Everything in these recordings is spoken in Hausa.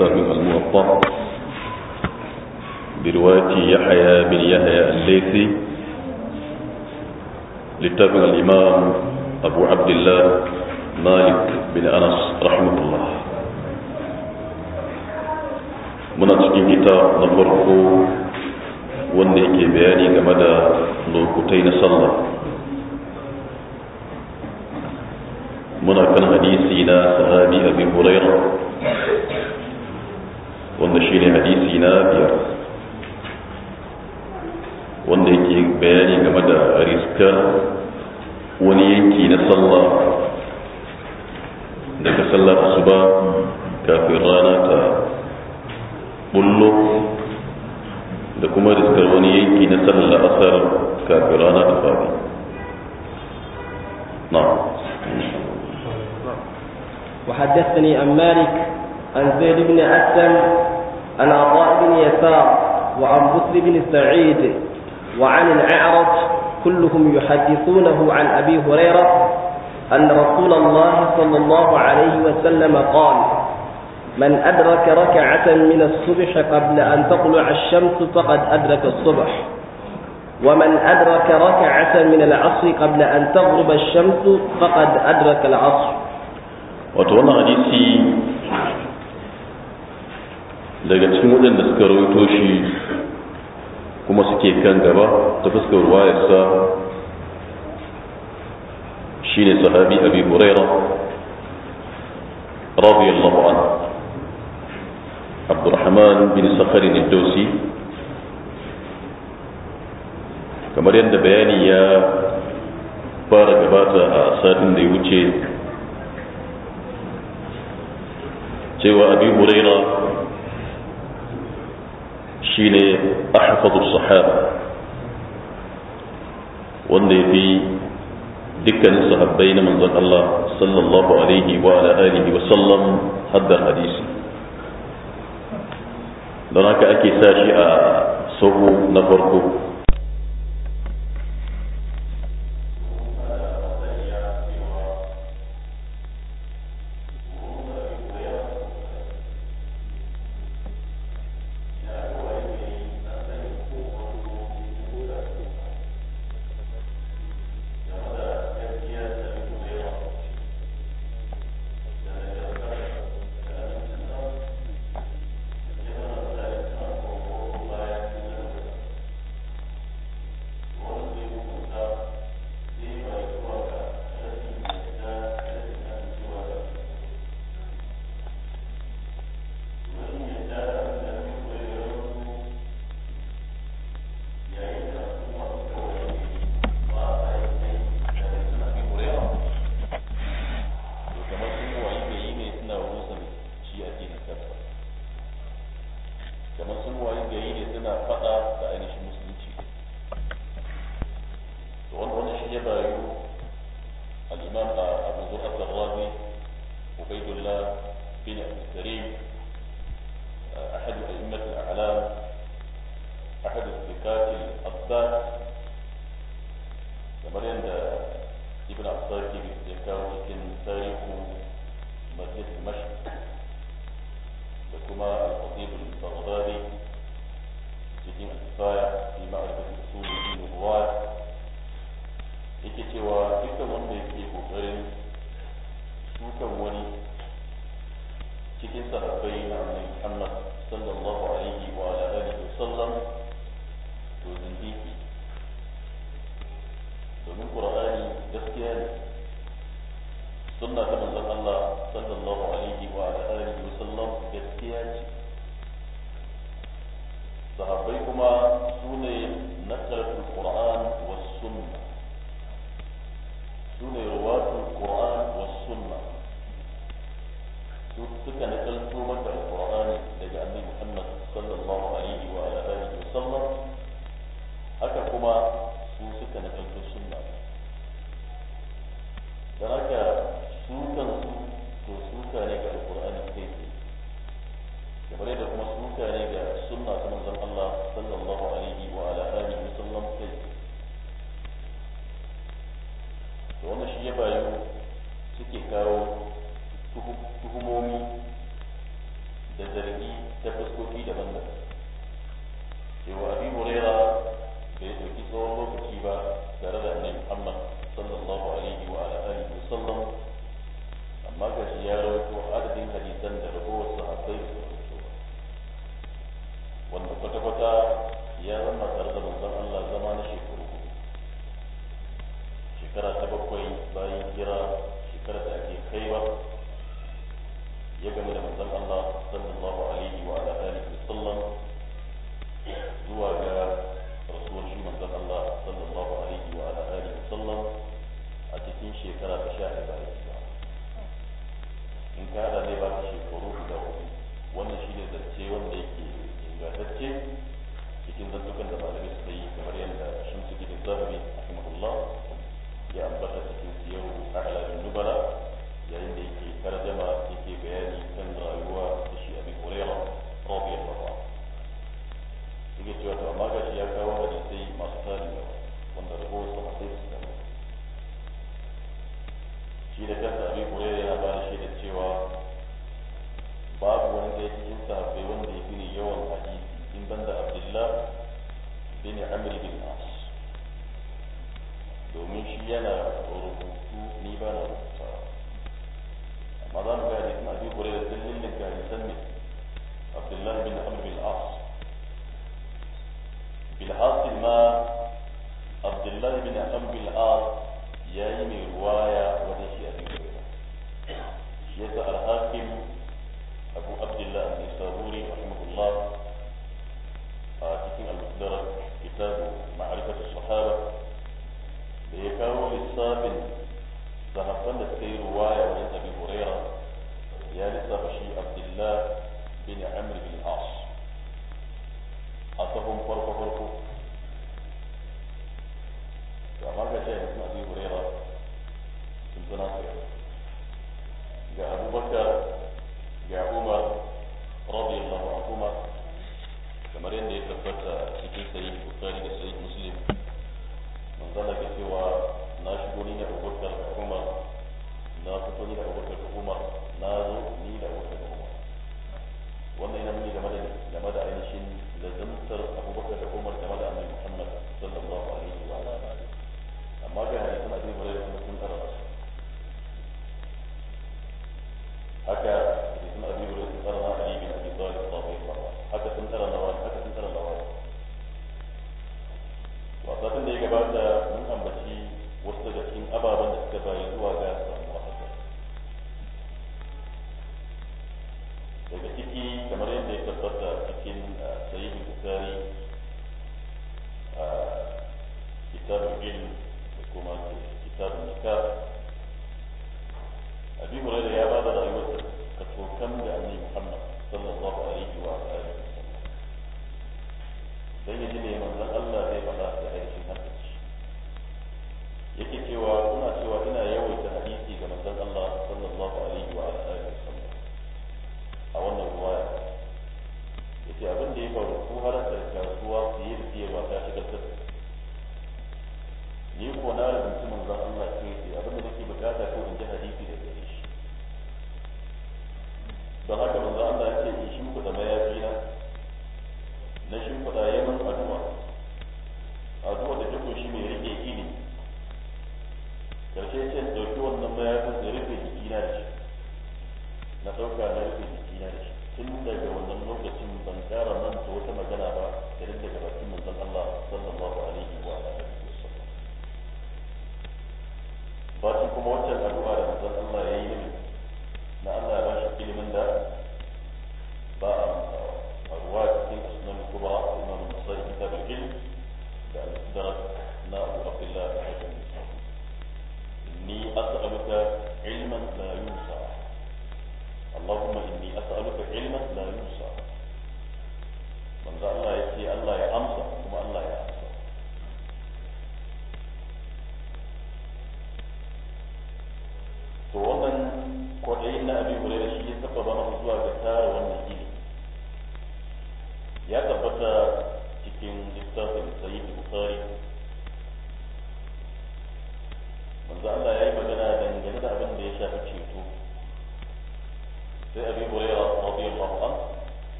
المختار الموطا برواية يحيى بن يحيى الليثي للتابع الإمام أبو عبد الله مالك بن أنس رحمه الله من كتاب نمره ونيكي بياني كمدى نوكتين صلى من كان حديثنا صحابي أبي هريرة wanda shi ne hadisi na biyar wanda yake bayani game da riskar wani yanki na sallah daga sallar su ba kafin rana ta bullo da kuma riskar wani yanki na sallar asar kafin rana ta faɗi نعم وحدثني عن مالك عن زيد بن أسلم عن عطاء بن يسار وعن بسر بن سعيد وعن الأعرج كلهم يحدثونه عن أبي هريرة أن رسول الله صلى الله عليه وسلم قال من أدرك ركعة من الصبح قبل أن تطلع الشمس فقد أدرك الصبح ومن أدرك ركعة من العصر قبل أن تغرب الشمس فقد أدرك العصر وتولى حديثي daga cikin waɗanda suka rawaito shi kuma suke kan gaba ta fuskar ruwayarsa shine sahabi abi huraira radiyallahu anhu abdurrahman bin sakhari al dosi kamar yadda bayani ya fara gabata a satin da ya wuce cewa abi huraira shine ahfadu sahaba wanda ya fi dukkanin sahabbai na manzon Allah sallallahu alaihi wa alihi wa sallam haddar hadisi don haka ake sa shi a sahu na farko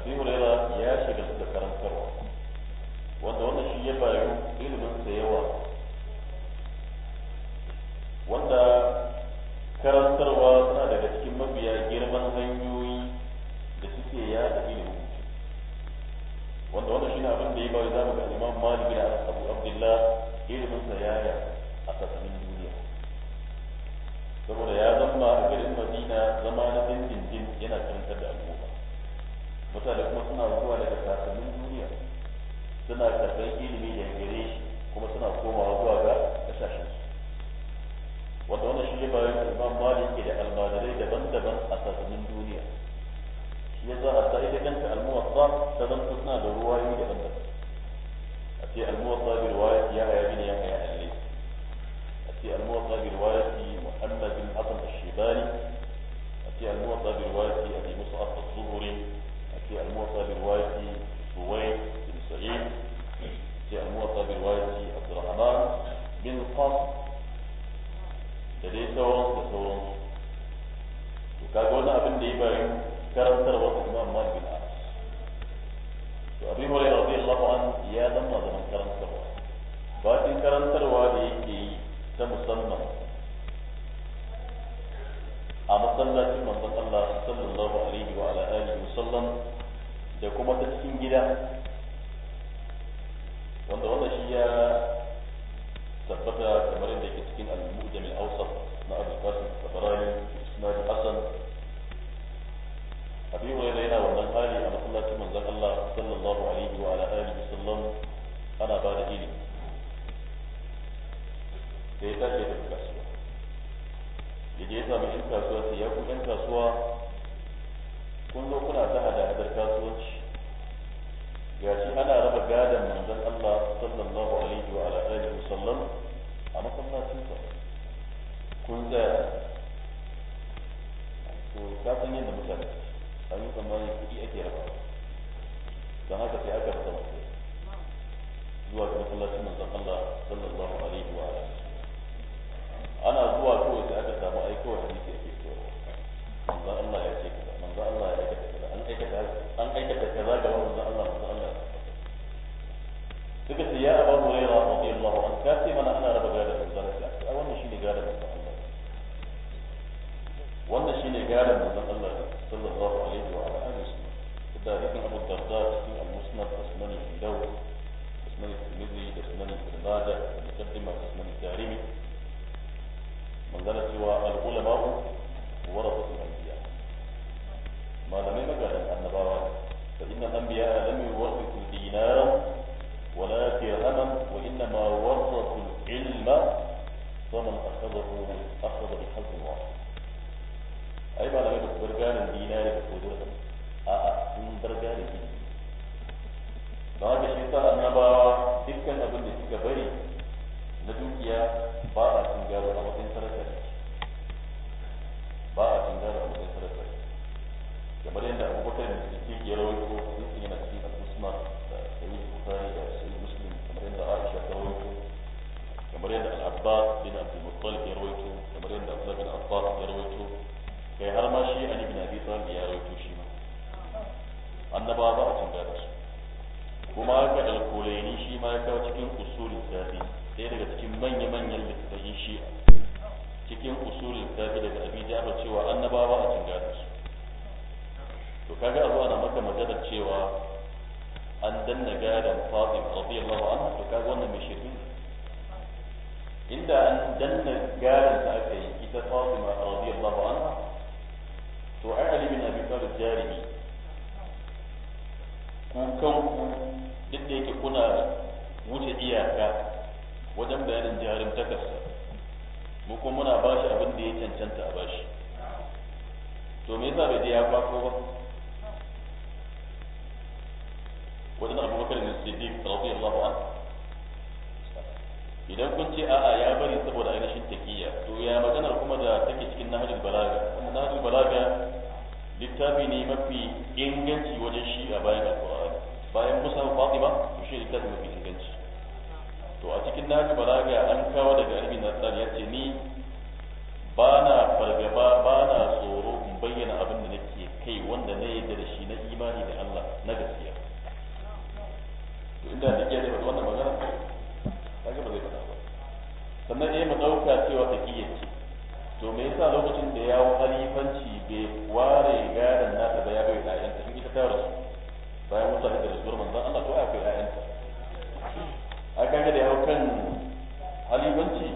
abi ya shiga da karantarwa wanda wannan shi ya bayu ilimin sa yawa 现在肯德基里面也。masallacin manzon Allah sallallahu alaihi wa alihi ana zuwa kawai sai aka samu ai kawai hadisi yake to manzon Allah ya ce kaza manzon Allah ya ce kaza an aikata an aikata kaza ga manzon Allah manzon Allah suka ce ya Abu Hurairah radiyallahu anhu ka ce mana ana raba gadon manzon Allah ai wannan shine gadon manzon Allah wannan shine gadon manzon Allah sallallahu alaihi wa alihi da hadisin Abu Darda cikin Al-Musnad Usmani Dawud Usmani sunan al-Tirmidhi da mukaddima da sunan al-Tirmidhi magana cewa al-ulama warasatul anbiya malamai magadan annabawa fa inna al-anbiya lam yuwarithu dinar ولا درهما وانما ورثوا العلم فمن اخذه اخذ بحظ واحد ai ba da mai basu bar ganin dinari da kodin a a sun bar ganin da haka shi sa annabawa dukkan abin da suka bari na dukiya ba a cin gado a matsayin sadaka ba a cin gado a matsayin sadaka kamar yadda abubakar da suke ke rawaito sun yana cikin al-usma da sayyid bukhari da sayyid muslim kamar yadda aisha ta rawaito kamar yadda al-abbas bin abdul muttalib ya rawaito kamar yadda abdullah bin abbas ya rawaito kai har ma shi ali bin abi talib ya rawaito shi ma annabawa ba a cin gado su kuma haka alkulaini shi ma ya kawo cikin usulin safi ɗaya daga cikin manya-manyan littafin shi cikin usulin safi daga abin jafar cewa annabawa a cin gado su to kaga a zuwa na maka magana cewa an danna gadon fatim radiyallahu an to kaga wannan mai shirkin inda an danna gadon da aka yi ita fatima radiyallahu an to ai ali bin abi talib jarimi ku kanku duk da yake kuna wuce iyaka wajen bayanin jarin takarsa mu kuma muna ba shi abin da ya cancanta a bashi to me yasa bai je ya kwako ba wajen abubakar ne siddiq Allah ba? idan kun ce a'a ya bari saboda ainihin takiyya to ya maganar kuma da take cikin nahajin balaga kuma nahajin balaga littafi ne mafi inganci wajen shi a bayan alƙur'ani bayan musa ba to shi da mafi inganci to a cikin naji balaga an kawo daga albi nasar ya ce ni ba na fargaba ba na tsoro in bayyana abin da nake kai wanda na yi da shi na imani da Allah na gaskiya to inda da kiyar da wannan magana ta ga ba zai faɗa ba sannan eh mu cewa ta kiyarci to me yasa lokacin da ya halifanci bai ware gadon nata ba ya bai ɗayanta in ita ta rasu bayan mutane da rasuwar manzan Allah to akwai ƴaƴanta a kan da yawo kan halibanci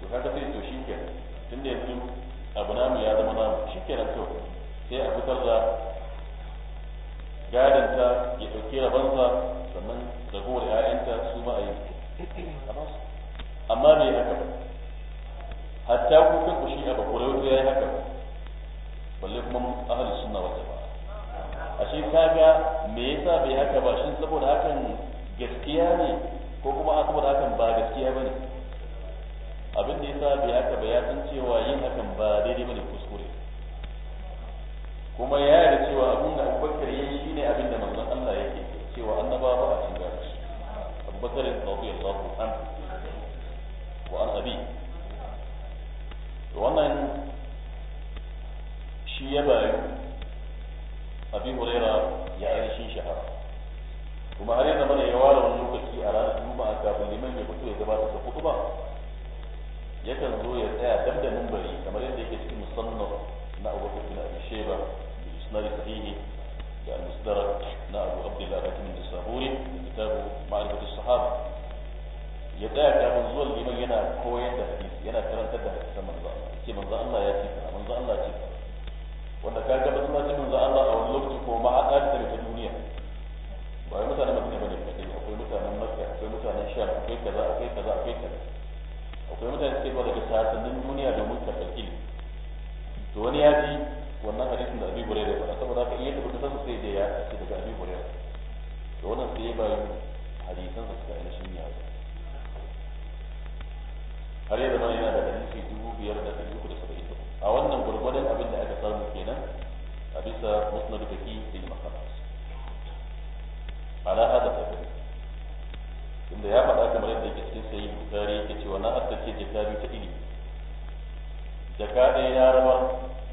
to kaga sai to shikenan tunda yanzu abu namu ya zama namu shikenan to sai a fitar da gadanta ya dauke rabansa sannan da kowar ƴaƴanta su ma a yi amma me haka ba hatta ku kan ku shi a bakwai wata ya yi haka balle kuma ahalin sunna wata ba ashe kaga me yasa bai haka ba shin saboda hakan gaskiya ne ko kuma a saboda hakan ba gaskiya bane abin da yasa bai haka ba ya san cewa yin hakan ba daidai bane kuskure kuma ya yarda cewa abin da Abubakar yayi shine abin da manzon Allah yake cewa annaba ba a cikin gashi Abubakar radiyallahu anhu wa an abi wannan shi ya bayu abi huraira ya yi ainihin shahara kuma har yanzu mana ya ware wani lokaci a ranar juma'a kafin liman ya fito ya gabatar da kutuba yakan zo ya tsaya dab da mimbari kamar yadda yake cikin musannaf na abu bakar bin abi sheba da isnadi sahihi da al-musdarak na abu abdullah hakim bin saburi da kitabu ma'rifatu sahaba ya tsaya kafin zuwa liman yana koyar da hadisi yana karantar da hadisan manzo Allah yake manzo Allah ya ce manzo Allah ya ce wanda ka ga masallacin manzo Allah a wani lokaci ko ma haɗa da ta duniya ba wai mutanen Madina bane ne akwai mutanen Makka akwai mutanen Sham akwai kaza akwai kaza akwai kaza akwai mutane suke zuwa daga sassanin duniya domin karɓar ilimi to wani ya ji wannan hadisin da Abi Hurairah ya faɗa saboda haka in ya tabbata sasa sai da ya ce daga Abi Hurairah to wannan sai ya bayu hadisan da suka ainihin ya zo har yadda zama yana da hadisi dubu biyar da ɗari uku da saba'in a wannan gwargwadon abin da aka samu kenan a bisa musnad baki da makamas ala hada tabi inda ya faɗa kamar yadda yake cikin sayi bukari yake cewa na haddace ce biyu ta ilimi jaka ɗaya ya raba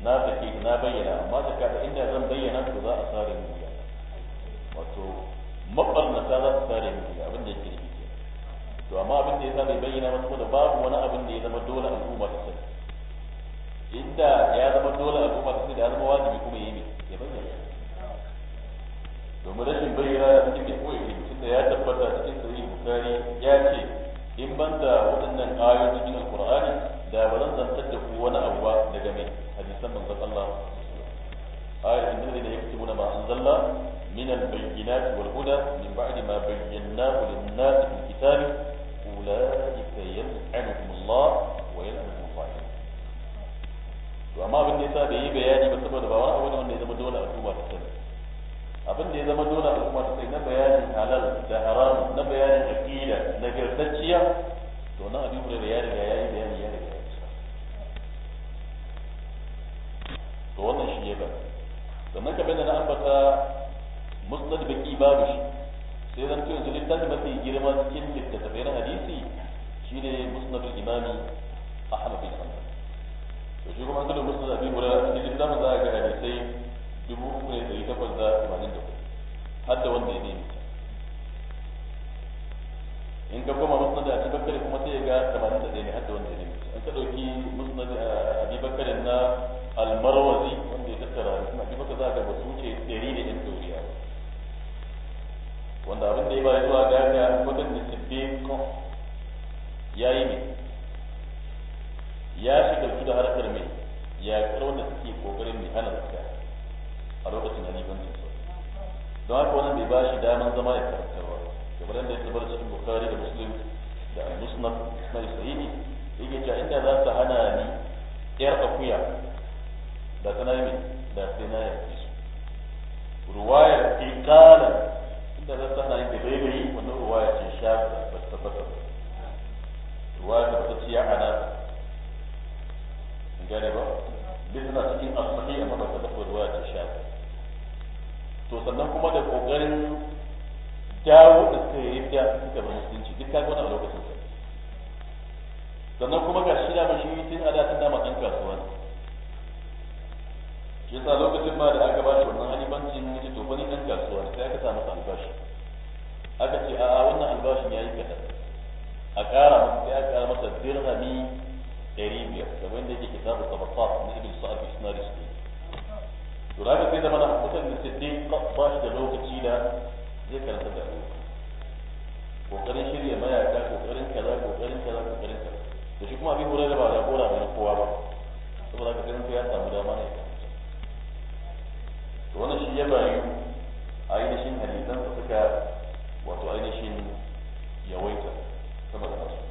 na sake na bayyana amma jaka da inda zan bayyana to za a sare mu wato mabarnata za su sare mu ya abin da yake nufi to amma abin da ya sa bai bayyana ba da babu wani abin da ya zama dole al'umma ta sani inda ya zama dole a kuma sai da ya zama wajibi kuma yi ne ya bayyana domin rashin bayyana ya cikin da koyi mutum da ya tabbata cikin sahih bukari ya ce in ban da waɗannan ayoyi cikin alqur'ani da ba zan zantar da ku wani abu ba daga mai hadisan manzon Allah ayat inna alladhina yaktubuna ma anzalna من البينات والهدى من بعد ما بيناه للناس في الكتاب أولئك يلعنهم الله ويلعنهم to amma abin da yasa bai yi bayani ba saboda ba wani abu ne wanda ya zama dole al'umma ta sani abin da ya zama dole al'umma ta sani na bayanin halal da haram na bayanin aqida na gartacciya to nan abin da ya riga ya yi bayani ya riga ya to wannan shi ya ba sannan kamar da na ambata musnad baki babu shi sai zan yanzu littafi mafi girma cikin littattafai na hadisi shine musnadul imami ahmad bin hanbal da shi kuma sanin musu zabi guda a cikin littafin za a ga hadisai dubu uku ne ɗari takwas da tamanin da hudu har da wanda ya nemi in ka koma musnad a bakare kuma sai ya ga tamanin da ɗaya ne har da wanda ya nemi in ka ɗauki musnad a bakare na almarwazi wanda ya tattara hadisin a bakare za a ga ba su wuce ɗari da ɗin ɗoriya wanda abin da ya ba zuwa ga ga waɗanda sibbe ya yi ne ya shigarci da harkar mai yaƙar wanda suke ƙoƙarin mai hana zakka a lokacin halifancin sa don haka wannan bai ba shi daman zama ya ba. kamar yadda ya tabbata cikin bukari da muslim da musnad mai sahihi yake cewa inda za ta hana ni yar akuya da tana yi da sai na yaƙi su ruwayar ikala inda za ta hana ni da baibayi wannan ruwaya ce shafi ba ta tabbata ruwaya ta ciya ana gane ba duk suna cikin asali a mata da kuma ruwa ta sha to sannan kuma da kokarin dawo da suka yi da suka da musulunci duk kaga wannan lokacin sa sannan kuma ga shi da mashi tun a tun dama ɗan kasuwa shi yasa lokacin ba da aka ba shi wannan halibancin yake to wani ɗan kasuwa sai aka samu masa albashi aka ce a'a wannan albashin ya yi kaɗan a ƙara masa sai a ƙara masa dirhami قريبية كمان نجي كتاب الطبقات من ابن صاحب اسمار سبيل ترابة كده ما نحبطة من الستين قط باش دلوه كتشيلة زي كان تدعوه وقرن شرية ما يعتاك وقرن كذاك وقرن كذاك وقرن كذاك تشوف ما بيه مريضة بعد أقولا من القوارة طب لك كتير في أسا مدامانة وانا شيء يبايو أين شين حديثا تسكى وتو أين شين يويتا كما تنصر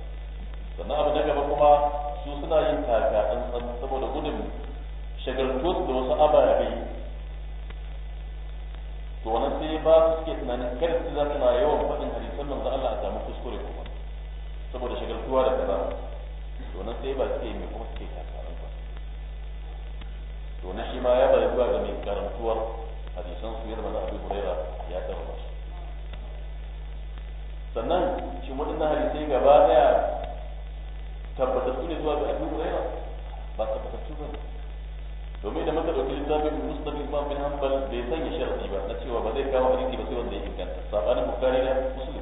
فنعم نجا بكما su suna yin taka san saboda gudun shagaltu da wasu ababe to wani sai ba su suke tunanin kar su za na yawan faɗin hadisan manzo Allah a samu kuskure kuma saboda shagaltuwa da kaza to wani sai ba suke mai kuma suke taka san to na shi ma ya bari zuwa ga mai karantuwar hadisan su yadda manzo Abu Hurairah ya tabbata sannan shi na hadisai gaba daya tabbatattu ne zuwa ga abu huraira ba tabbatattu ba domin da muka dauki littafin musnad imam bin hanbal bai sanya sharadi ba na cewa ba zai kawo hadisi ba sai wanda ya inganta sabanin bukhari da Musulmi.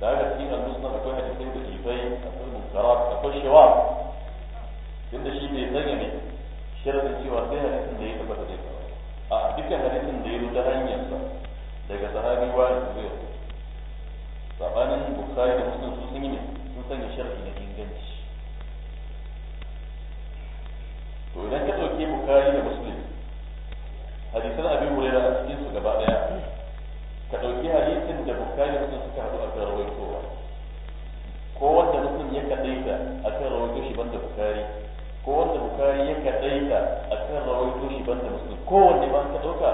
da haka cikin al-musnad akwai hadisai da ifai akwai munkarat akwai shawar tunda shi bai sanya ne sharadin cewa sai hadisin da ya tabbata zai kawo a dukkan hadisin da ya zo ta hanyar sa daga sahabi wani zai sabanin bukhari da Musulmi sun yi ne sun sanya sharadi inganci to idan ka ɗauke bukari da muslim hadisan abin wurera a cikin su gaba ɗaya ka ɗauki hadisin da bukari da muslim suka haɗu a kan rawaitowa ko wanda muslim ya kaɗaita a kan rawaito shi banda bukari ko wanda bukari ya kaɗaita a kan rawaito shi banda muslim kowanne ba ka ɗauka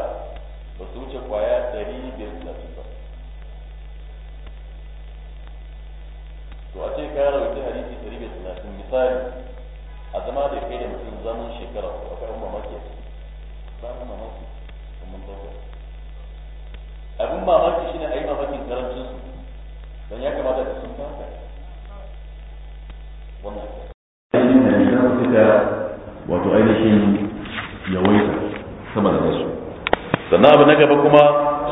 ba su wuce kwaya ɗari biyar da ba to a ce ka tsari a zama da kai da mutum zaman shekara ko akwai umma maki ba umma maki mun dauka abin mamaki shine ayi mamakin karancin su don ya kamata da sun fata wannan ainihin ne za su da wato ainihin yawaita sama da nasu sannan abu na gaba kuma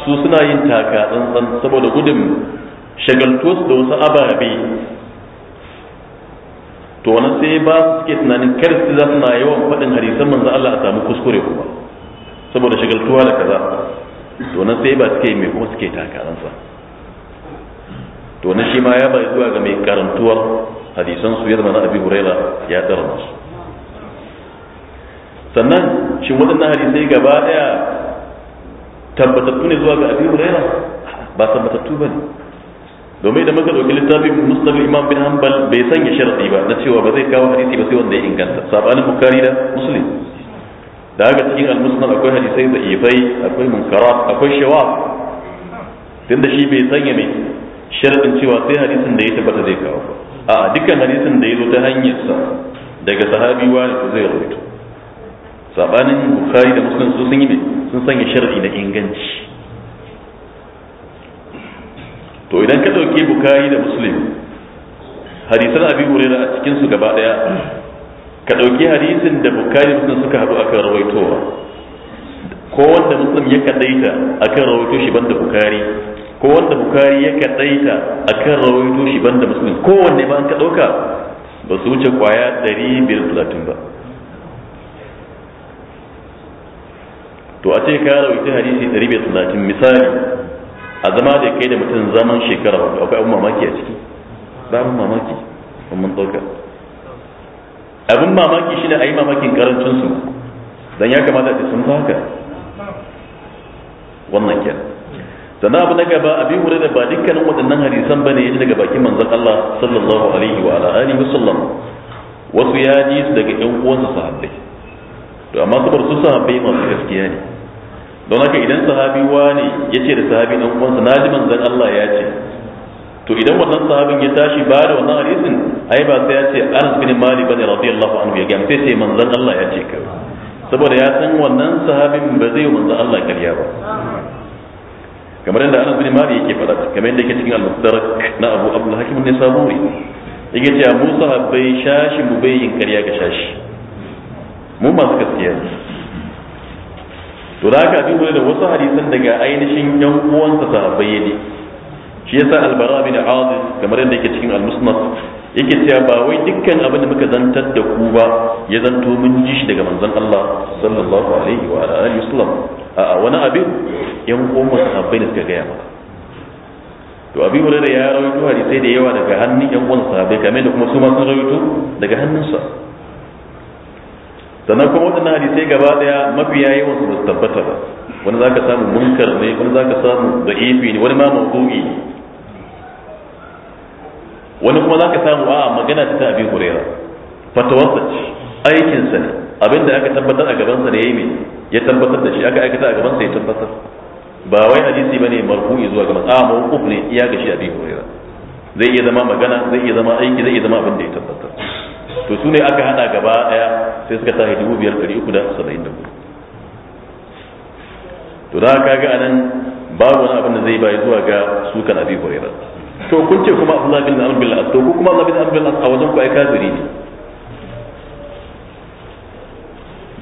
su suna yin taka tsantsan saboda gudun shagaltuwa da wasu ababe to wannan sai ba su suke tunanin kar su za suna yawan faɗin hadisan manzo Allah a samu kuskure kuma saboda shagaltuwa da kaza to nan sai ba suke mai kuma suke takaransa to nan shi ma ya bai zuwa ga mai karantuwar hadisan su ya na abi huraira ya tsara musu sannan shi waɗannan hadisai gaba ɗaya tabbatattu ne zuwa ga abi huraira ba tabbatattu ba ne domin da muka dauki littafin musnad imam bin hanbal bai sanya sharadi ba na cewa ba zai kawo hadisi ba sai wanda ya inganta sabanin bukari da muslim da haka cikin al-musnad akwai hadisai da ifai akwai munkara akwai shawa tunda shi bai sanya mai sharadin cewa sai hadisin da ya tabbata zai kawo ba a dukkan hadisin da ya zo ta hanyarsa daga sahabi wani zai rubuta sabanin bukari da muslim su sun yi sun sanya sharadi da inganci to idan ka dauke bukari da muslim hadisan abi hurairah a cikin su gaba daya ka dauki hadisin da bukari da suka hadu akan rawaitowa ko wanda muslim ya kadaita akan rawaito shi banda bukari ko wanda bukari ya kadaita akan rawaito shi banda muslim wanda ba an ka dauka ba su wuce kwaya 530 ba to a ce ka rawaita hadisi 530 misali a zama da kai da mutum zaman shekara hudu akwai abin mamaki a ciki babin mamaki in mun ɗauka abin mamaki shine a yi mamakin karancin su don ya kamata da sun haka wannan ke sannan abu na gaba abi hure da ba dukkanin waɗannan hadisan bane ya ji daga bakin manzan Allah sallallahu alaihi wa ala alihi wasallam wasu ya ji su daga ƴan uwansa sahabbai to amma saboda su sahabbai masu gaskiya ne don haka idan sahabi wani ya ce da sahabi dan uwansa na ji manzon Allah ya ce to idan wannan sahabin ya tashi ba da wannan hadisin ai ba sai ya ce Anas bin Malik bane radiyallahu anhu ya ga sai ce manzon Allah ya ce kai saboda ya san wannan sahabin ba zai yi manzon Allah kariya ba kamar yadda Anas bin Malik yake faɗa kamar yadda yake cikin al-Mustadrak na Abu Abdul Hakim an-Nisaburi yake cewa mu sahabbai shashi mu bayyin kariya ga shashi mu masu gaskiya ne to da aka dubo da wasu hadisan daga ainihin yan uwansa sahabbai ne shi yasa albara bin aziz kamar yadda yake cikin al-musnad yake cewa ba wai dukkan abin da muka zantar da ku ba ya zanto mun ji shi daga manzon Allah sallallahu alaihi wa alihi wasallam a wani abin yan uwan sahabbai ne suka gaya maka to abi da ya rawaito hadisai da yawa daga hannun yan uwan sahabbai kamar da kuma su ma sun rawaito daga hannunsa sannan kuma waɗannan hadisai gaba daya mafiya yawan su basu tabbata ba wani zaka samu munkar ne wani zaka samu da'ifi ne wani ma mawdu'i ne wani kuma zaka samu a magana ta Abi Hurairah fatawarsa ce aikin sa ne abinda aka tabbatar a gaban sa ne yayi me ya tabbatar da shi aka aikata a gaban sa ya tabbatar ba wai hadisi bane marfu'i zuwa gaban a mawquf ne iya ga shi Abi Hurairah zai iya zama magana zai iya zama aiki zai iya zama abin da ya tabbatar to su ne aka hada gaba daya sai suka tashi dubu biyar ɗari uku da saba'in da hudu to da ka ga anan babu wani abin da zai bayi zuwa ga sukan abi hurairah to kun ce kuma abu bin na bin to ku kuma abdullahi bin bin a wajen ku ai kafiri ne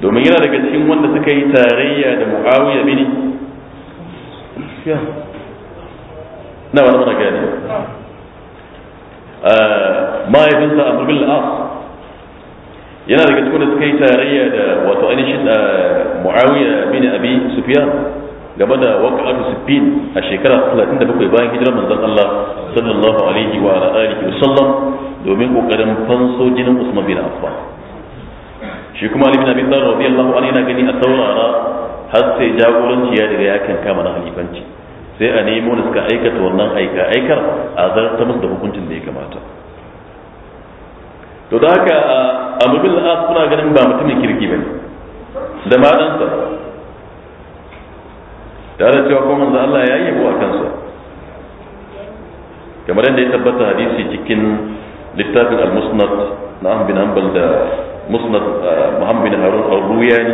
domin yana daga cikin wanda suka yi tarayya da muawiya ne. na wani mana gani ah. Ah, mahaifinsa amr bin al yana daga cikin da suka yi tarayya da wato ainihin eh, muawiya bin abi sufyan game da waqa'atu sufin a shekara 37 bayan hijirar manzon Allah sallallahu alaihi wa alihi wa sallam domin kokarin fanso jinin Usman bin Affan shi kuma Ali bin Abi Talib radiyallahu anhu yana gani a saurara har sai jagoranci ya daga yakan kama na halifanci sai a nemo da suka aikata wannan aika aikar a zartar musu da hukuncin da ya kamata to da haka amma bin al'as suna ganin ba mutumin kirki bane da ma ɗansa tare da cewa ko manzo Allah ya yabo a kansa kamar yadda ya tabbata hadisi cikin littafin al-musnad na an bin hanbal da musnad ah, muhammad bin harun al ruyani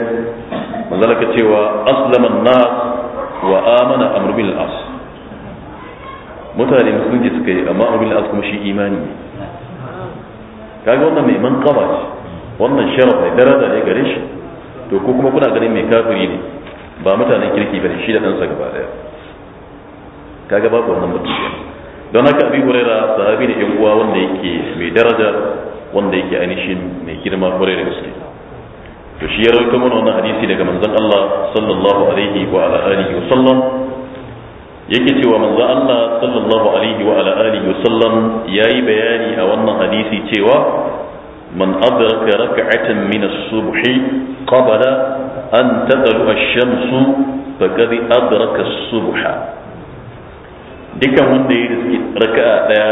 manzo Allah cewa aslama an-nas wa amana amr bil as mutane musulunci suka yi amma amr bil as kuma shi imani ne kaga wannan mai manqaba ce wannan sharaf mai daraja ne gare shi to ko kuma kuna ganin mai kafiri ne ba mutanen kirki bane shi da ɗansa gaba daya kaga babu wannan mutunci don haka abi huraira sahabi ne yan uwa wanda yake mai daraja wanda yake ainihin mai girma kwarai da gaske to shi ya rawaito mana wannan hadisi daga manzon Allah sallallahu alaihi wa alihi wa sallam yake cewa manzo Allah sallallahu alaihi wa alihi wa sallam yayi bayani a wannan hadisi cewa man adraka rak'atan min as-subhi qabla an tadlu ash-shamsu faqad adraka as-subha dukan wanda ya riski raka'a daya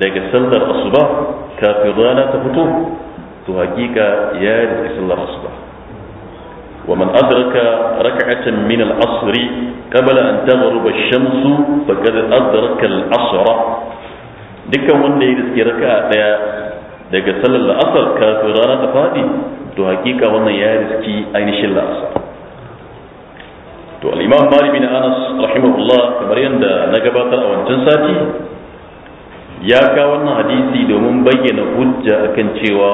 daga sallar asuba kafin rana ta fito to hakika ya riski sallar asuba ومن أدرك ركعة من العصر قبل أن تغرب الشمس فقد أدرك العصر dukkan wanda ya riske raka daya daga sallar la'asar kafin rana ta faɗi to hakika wannan ya riski ainihin la'asar to al-imam bin Anas rahimahullah kamar yadda na gabatar a wancan sati ya kawo wannan hadisi domin bayyana hujja akan cewa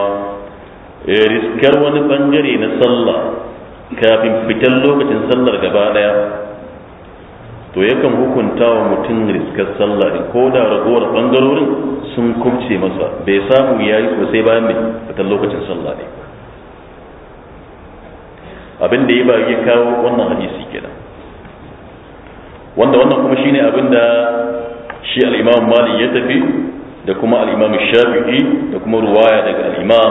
riskar wani bangare na sallah kafin fitan lokacin sallar gaba daya to yakan hukunta wa mutum riskar sallah ko da ragowar bangarorin sun kubce masa bai samu ya yi sai bayan mai fitan lokacin sallah ne abin da ya ba ya kawo wannan hadisi kenan wanda wannan kuma shine abin da shi alimam malik ya tafi da kuma al'imam shafi'i da kuma ruwaya daga al'imam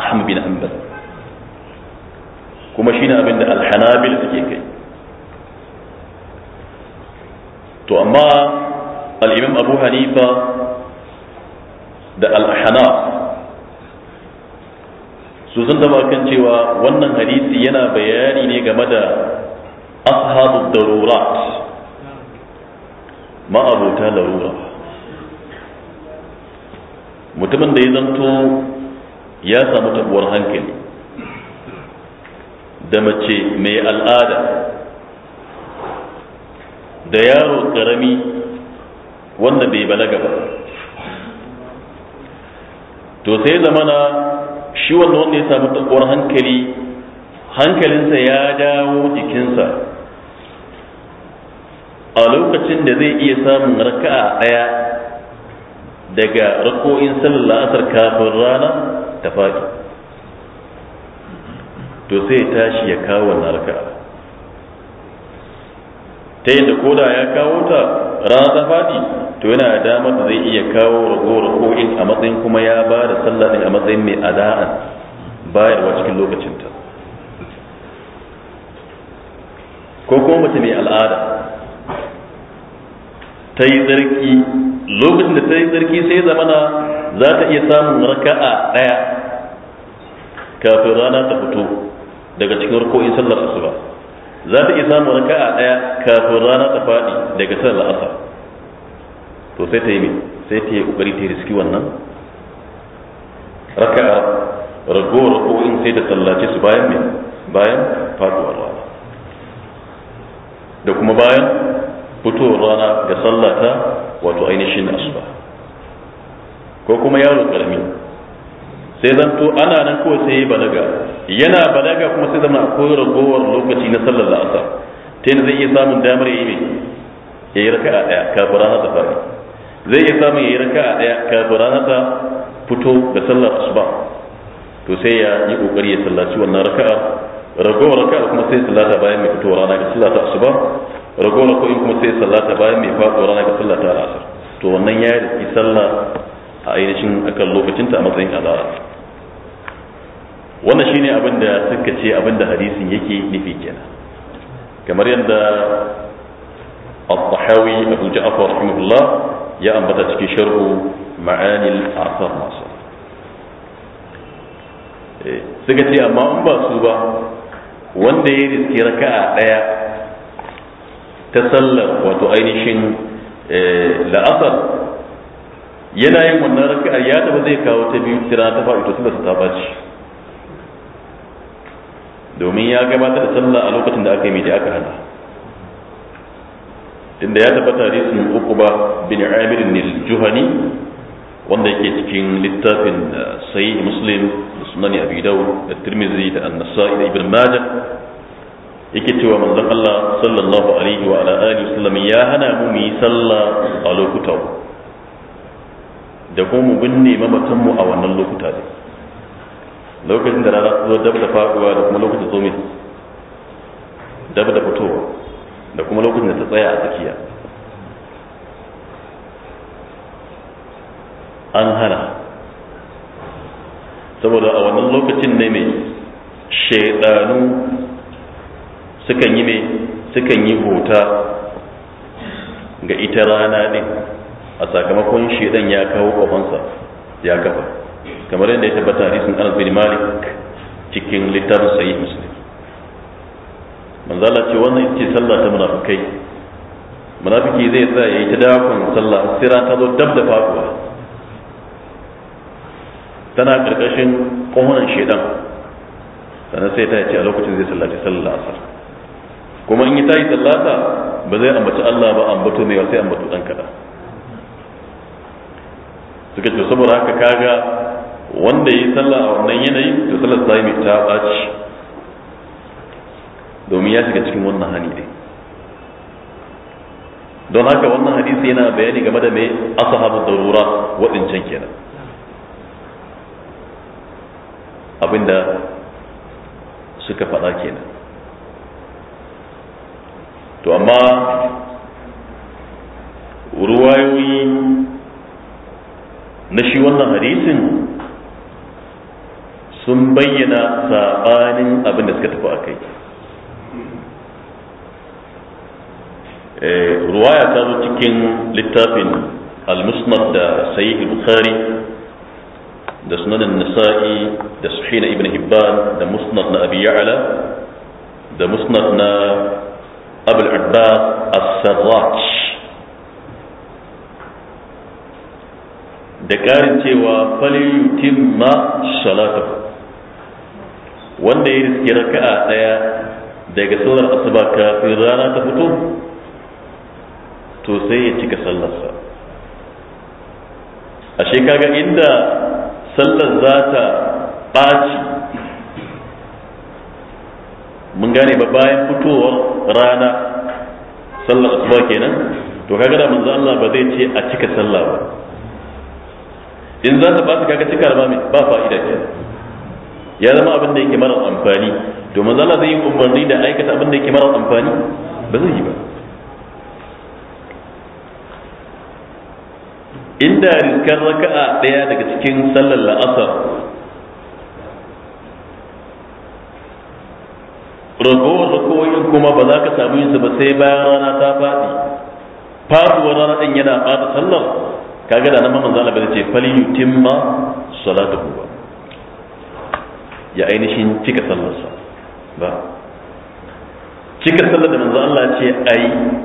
ahmad bin hanbal kuma shine abin da alhanabil suke kai to amma al'imam abu hanifa da alhanaf su sun taba kan cewa wannan hadisi yana bayani ne game da ashabu darurat ma'abuta larura mutumin da ya zanto ya samu tabuwar hankali da mace mai al'ada da yaro ƙarami, wanda bai balaga ba to sai zamana shi wanda wanda ya samu takwar hankali hankalinsa ya dawo jikinsa a lokacin da zai iya samun raka'a ɗaya daga rako'in sallar la'asar kafin rana ta faɗi to sai ya tashi ya kawo wannan raka ta yadda koda ya kawo ta rana ta fadi to yana da damar da zai iya kawo ragowar ko'in a matsayin kuma ya ba da sallah a matsayin mai ada'an bayarwa cikin lokacinta ko kuma mace mai al'ada ta yi tsarki lokacin da ta yi tsarki sai zamana za ta iya samun raka'a ɗaya kafin rana ta fito daga cikin ruku'in sallar asuba za ta iya samun raka'a daya kafin rana ta faɗi daga sallar asar to sai ta yi sai ta yi kokari ta riski wannan raka'a rago in sai ta sallace su bayan me bayan faduwar rana da kuma bayan fitowar rana ga sallata wato ainihin asuba ko kuma yaro karami sai zanto ana nan kawai sai yi balaga yana balaga kuma sai zama akwai ragowar lokaci na sallar la'asar ta yi zai iya samun damar ya yi mai ya yi a daya kafin rana ta fara zai iya samun ya yi a daya kafin rana ta fito da sallar asuba to sai ya yi kokari ya sallaci wannan raka'a ragowar raka'a kuma sai sallata bayan mai fito rana ga sallata asuba ragowar raka'a kuma sai sallata bayan mai faɗo rana ga sallata al'asar to wannan ya yi sallah a ainihin akan lokacinta a matsayin azara wannan shine abin da suka ce abin da hadisin yake nufi kenan kamar yadda al-tahawi abu ja'far rahimahullah ya ambata cikin sharhu ma'ani al-athar masu eh, suka ce amma in ba su ba wanda ya riske raka'a daya ta sallar wato ainihin eh, la'asar yana yin wannan raka'ar ya taba zai kawo ta biyu tira ta faɗi to sallar ta baci domin ya gabata da sallah a lokacin da aka yi mai aka hana inda ya tabbata uku ba bin amir bin juhani wanda yake cikin littafin uh, sai muslim da sunani abi dawud da tirmidhi da annasa nasai da ibn majah yake cewa manzon Allah sallallahu alaihi wa ala alihi wasallam ya hana mu mu yi sallah a lokutan da ko mu binne mamatan mu a wannan lokuta ne lokacin da rana ta zo dab da faduwa da kuma lokacin zo mai dab da fitowa da kuma lokacin da ta tsaya a tsakiya an hana saboda a wannan lokacin ne mai shaidanu sukan yi mai sukan yi hota ga ita rana ne. a sakamakon shedan ya kawo kofansa ya kafa kamar yadda ya tabbata hadisin Anas bin Malik cikin littafin sahih Muslim manzo Allah ce wannan ce sallah ta munafikai munafiki zai tsaya yayi ta dakon sallah sira ta zo dab da faduwa tana karkashin kohunan shedan sannan sai ta ce a lokacin zai sallaci sallah asar kuma in yi tayi sallata ba zai ambaci Allah ba ambato mai sai ambato dan kaɗan suka ce saboda haka kaga wanda yi sallah a wannan yanayi da sallar sa mai ta ɓaci domin ya shiga cikin wannan hani ne don haka wannan hadisi yana bayani game da mai da darura waɗancan kenan abinda suka faɗa kenan to amma ruwayoyi na shi wannan hadisin sun bayyana saɓanin abin da suka tafi a kai eh, ruwaya ta zo cikin littafin al-musnad da sayyid bukhari da sunanin nasa'i da suhina ibn hibban da musnad na abi ya'la da musnad na abul abbas as-sarraj da karin cewa falyutim ma salata wanda ya riski raka'a ɗaya daga sauran asuba kafin rana ta fito to sai ya cika sallarsa A kaga inda sallar za ta ɓaci mun gane ba bayan fitowar rana sallar asuba kenan to kaga da manzo Allah ba zai ce a cika sallah ba in za ta su kaga cika ba ba fa'ida ke ya zama abin da yake mara amfani to manzo Allah zai yi umarni da aikata abin da yake mara amfani ba zai yi ba inda rikar raka'a daya daga cikin sallar la'asar ragowar yin kuma ba za ka samu yin su ba sai bayan rana ta faɗi faduwar rana ɗin yana ɓata sallar kaga da nan manzo Allah bai ce fali yutimma salatuhu ba ya ainihin cika sallarsa ba cika sallar da manzo Allah ce ai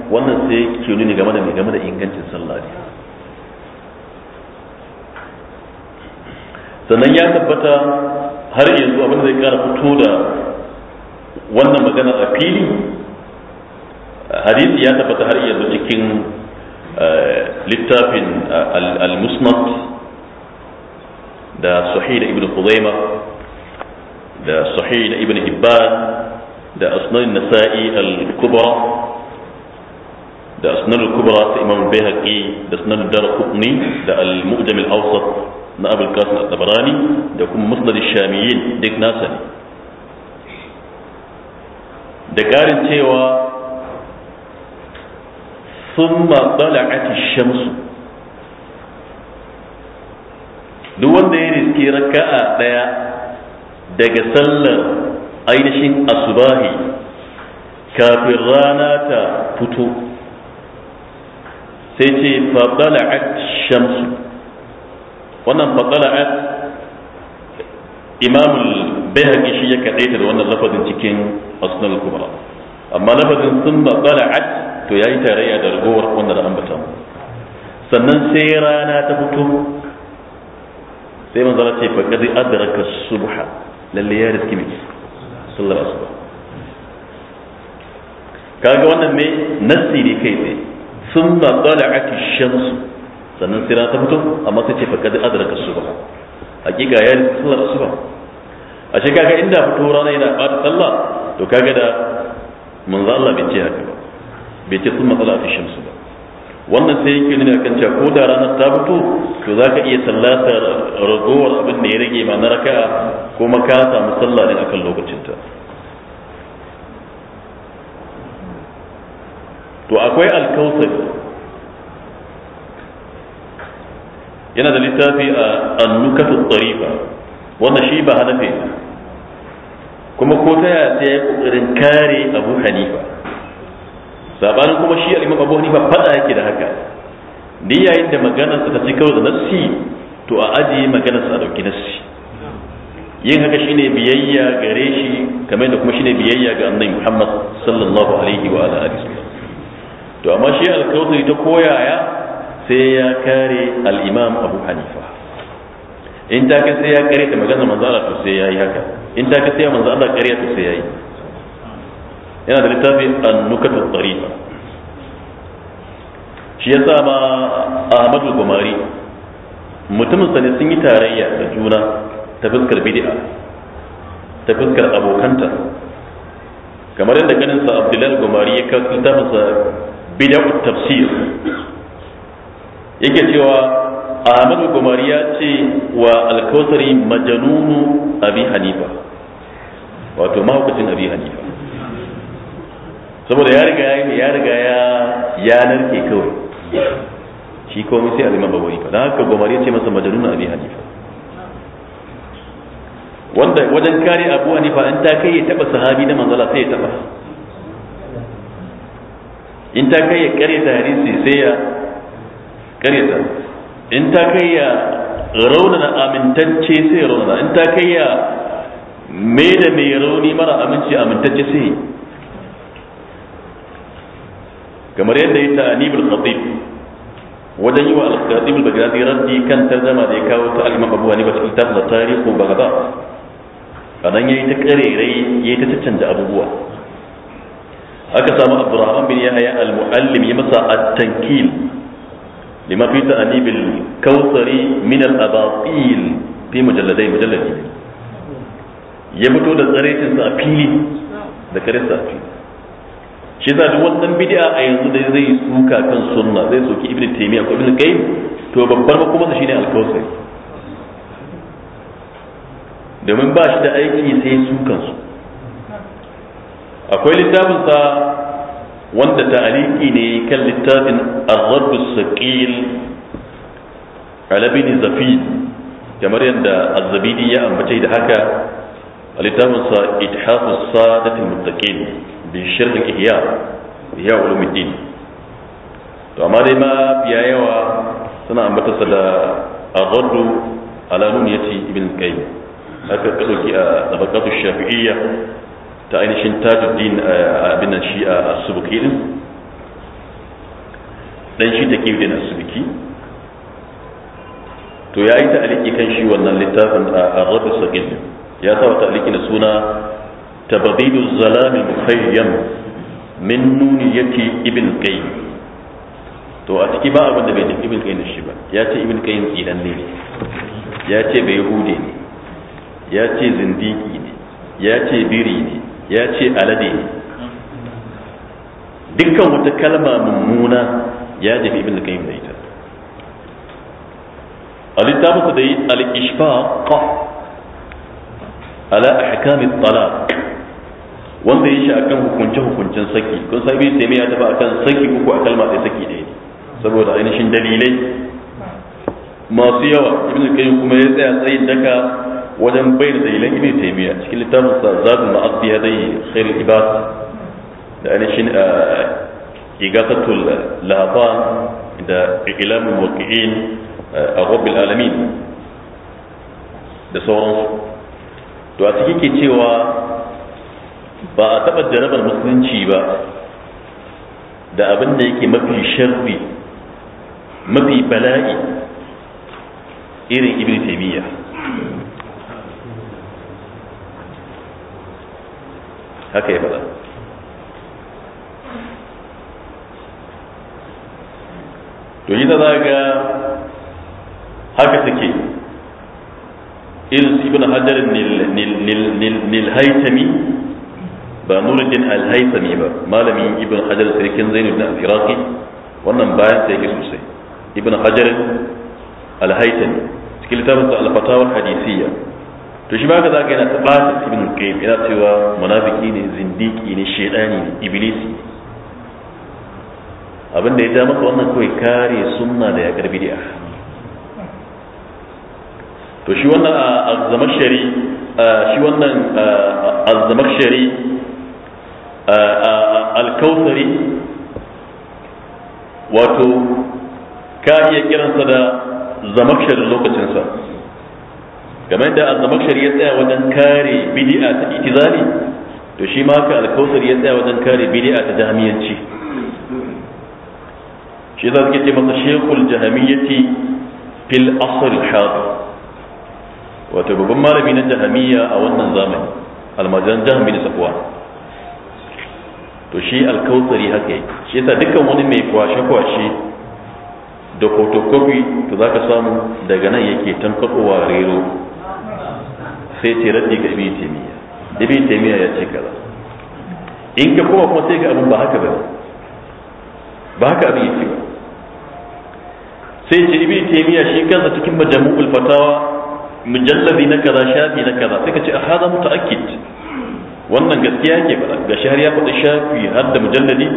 wannan sai ke nuni game da game da ingancin sallah ne sannan ya tabbata har yanzu abin da zai kara fito da wannan magana a fili hadisi ya tabbata har yanzu cikin littafin al-musnad da sahih ibn Khuzaima da sahih ibn Hibban da asnan nasa'i al-kubra da asnan al-kubra ta Imam Bayhaqi da asnan ad-Darqutni da al-Mu'jam al-Awsat na Abu al-Qasim al-Tabarani da kuma musnad al-Shamiyyin duk nasa ne da karin cewa thumma tala'at ash-shams duk wanda ya riski raka'a daya daga sallar ainihin asubahi kafin rana ta fito sai ce fadala'at shamsu wannan fadala'at imamul bayhaqi shi ya kadaita da wannan lafazin cikin asnal kubra amma lafazin sun fadala'at to ya yi tarayya da ragowar wanda da ambata sannan sai rana ta fito sai manzara ce fa kadi adraka subha lalle ya riski mai sallar asuba kaga wannan me nassi ne kai tsaye sun ba tsala'ati shansu sannan sai rana ta fito amma sai ce fa kadi adraka subha hakika ya riski sallar asuba a shi kaga inda fito rana yana bata sallah to kaga da manzo Allah bai ce haka ba bai ce sun matsala a su ba wannan sai yake nuna kan cewa ko da ranar ta fito to za ka iya sallata ragowar abin da ya rage ma na raka'a kuma ka samu sallah ne akan lokacinta to akwai alkausar yana da littafi a annukatu tsarifa wannan shi ba hanafi kuma ko ta yaya sai ya kokarin kare abu hanifa sabanin kuma shi al abu hanifa fada yake da haka ni yayin da maganarsa ta ci karo da nassi to a ajiye maganarsa a dauki nassi yin haka shine biyayya gare shi kamar da kuma shine biyayya ga annabi Muhammad sallallahu alaihi wa ala alihi to amma shi al-kautari ta koyaya sai ya kare al-imam Abu Hanifa in ta ka sai ya kare ta magana manzo Allah to sai yayi haka in ta ka sai manzo Allah kare ta sai yayi yana da littafi an-nukatu tarifa shi yasa ma Ahmadu Gumari mutumin sa ne sun yi tarayya da juna ta fuskar bid'a ta fuskar abokanta kamar yadda ganin sa Abdullahi Gumari ya kawo littafin sa bid'u tafsir yake cewa Ahmadu Gumari ya ce wa alkautari majanunu abi hanifa wato mahaukacin abi hanifa saboda ya riga yayi ya riga ya ya narke kawai shi komai sai al-imam babawi fa dan haka gomari ce masa majalun abi hanifa wanda wajen kare abu hanifa an ta kai ya taba sahabi na manzala sai ya taba in ta kai ya karyata hadisi sai ya ta. in ta kai ya raunana amintacce sai ya raunana in ta kai ya mai da mai rauni mara aminci amintacce sai kamar yadda ya ta'ani bil khatib wajen yi wa al-khatib al-baghdadi raddi kan tarjuma da ya kawo ta al-imam Abu Hanifa cikin tafsir tarihi ko Baghdad anan yayi ta karerai yayi ta caccanja abubuwa aka samu Abdurrahman bin Yahya al-muallim ya masa at-tankil lima fi ta'anib al-kawthari min al-abatil fi mujalladai mujalladi ya mutu da tsaretin sa fili da karesa a fili shi yasa duk wannan bid'a a yanzu da zai suka kan sunna zai soki ibn taymiya ko ibn qayyim to babbar kuma shine al domin ba shi da aiki sai sukan su akwai littafin sa wanda ta'aliki ne kan littafin ar-radd as-saqil ala bin zafin kamar yadda az-zabidi ya ambace da haka a littafin sa ithafu sadatil muttaqin bin sharhin ihya ihya ulumuddin to amma dai ma biya yawa suna ambata da aghaddu ala nuniyati ibn qayyim haka ka dauki a ah, tabaqatu shafi'iyya ta ainihin tajuddin ah, abin nan shi a ah, subuki din dan shi take yi da subuki to yayi ta aliki kan shi wannan littafin a aghaddu saqil ya sa ta aliki da suna تبديل الظلام مخيم من نونية ابن قيم to a ciki ba abin da bai tafi ibn qayyim shi ba ya ce ibn qayyim tsinan ne ya ce bai hude ne ya ce zindiki ne ya ce biri ne ya ce alade ne dukkan wata kalma mummuna ya tafi ibn qayyim da ita a littafinsa da yi al-ishfaq ala ahkam at-talaq wanda ya shi akan hukunce hukuncen saki kun sai bai taimiyya ta ba akan saki uku a kalma ɗaya saki ɗaya saboda ainihin dalilai masu yawa ibn qayyim kuma ya tsaya tsayin daka wajen da dalilan ibn taimiya cikin littafin sa zadul ma'ad bi hadayi khairul ibad da ainihin ah, igatatul laban da ilamul waqi'in a ah, rabbil alamin da sauransu to a cikin ke cewa ba a taɓa jarabar musulunci ba da abin da yake mafi sharri mafi bala'i irin ibn taimiyya haka ya bala. to yi za ga haka take irin ibn hajar nil haitami ba nuruddin al-haythami ba malamin ibn hajar sarkin zainuddin al-iraqi wannan bayan sai yake sosai ibn hajar al-haythami cikin littafin al-fatawa al hadisiyya to shi ba ka zaka yana ta tabata ibn qayyim yana cewa munafiki ne zindiki ne shedani ne iblisi abin da ya ja maka wannan kawai kare sunna da ya karbi da to shi wannan ah, azzamakshari ah, shi wannan ah, azzamakshari alkausari wato ka iya kiransa da zamakshari lokacinsa game da zamakshari ya tsaya wajen kare bidi'a ta itizali to shi ma ka alkausari ya tsaya wajen kare bidi'a ta jami'anci shi za su ce masa shekul jahamiyyati fil asr hadu wato babban malami na jahamiyya a wannan zamani almajiran jahami da safuwa to shi alkautsari haka yi shi yasa dukkan wani mai kwashe-kwashe da fotokofi, to za ka samu daga nan yake tankaɗowa rero sai ce raddi ga ibi temiya ibi temiya ya ce kaza in ka kuma kuma sai ga abin ba haka ba ba haka abin yake ba sai ce ibi temiya shi kansa cikin majamu, ulfatawa mujallabi na kaza shafi na kaza sai ka ce a hada mutaakkid wannan gaskiya ke faɗa ga shahar ya faɗi shafi har da mujalladi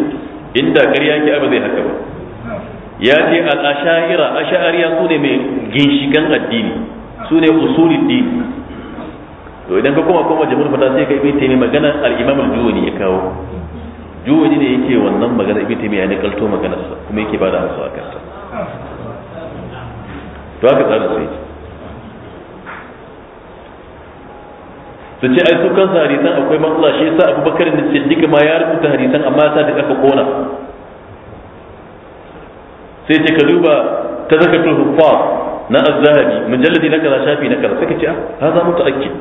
inda ƙarya ke abu zai haka ba ya ce al'ashahira ashariya su ne mai ginshikan addini su ne usuli dini to idan ka koma koma jami'ar fata sai ka ibi taimi magana al-imam al-juwani ya kawo juwani ne yake wannan magana ibi taimi ya ne kalto maganarsa kuma yake da hansu a kansa to haka tsarin sai su ce ai su kansu hadisan akwai matsala shi yasa abubakar da siddiq ma ya rubuta hadisan amma ya sa da ƙafa kona sai ce ka duba ta zakatul huffaz na az-zahabi mujalladi na kaza shafi na kaza saka ce ah haza mutaakkid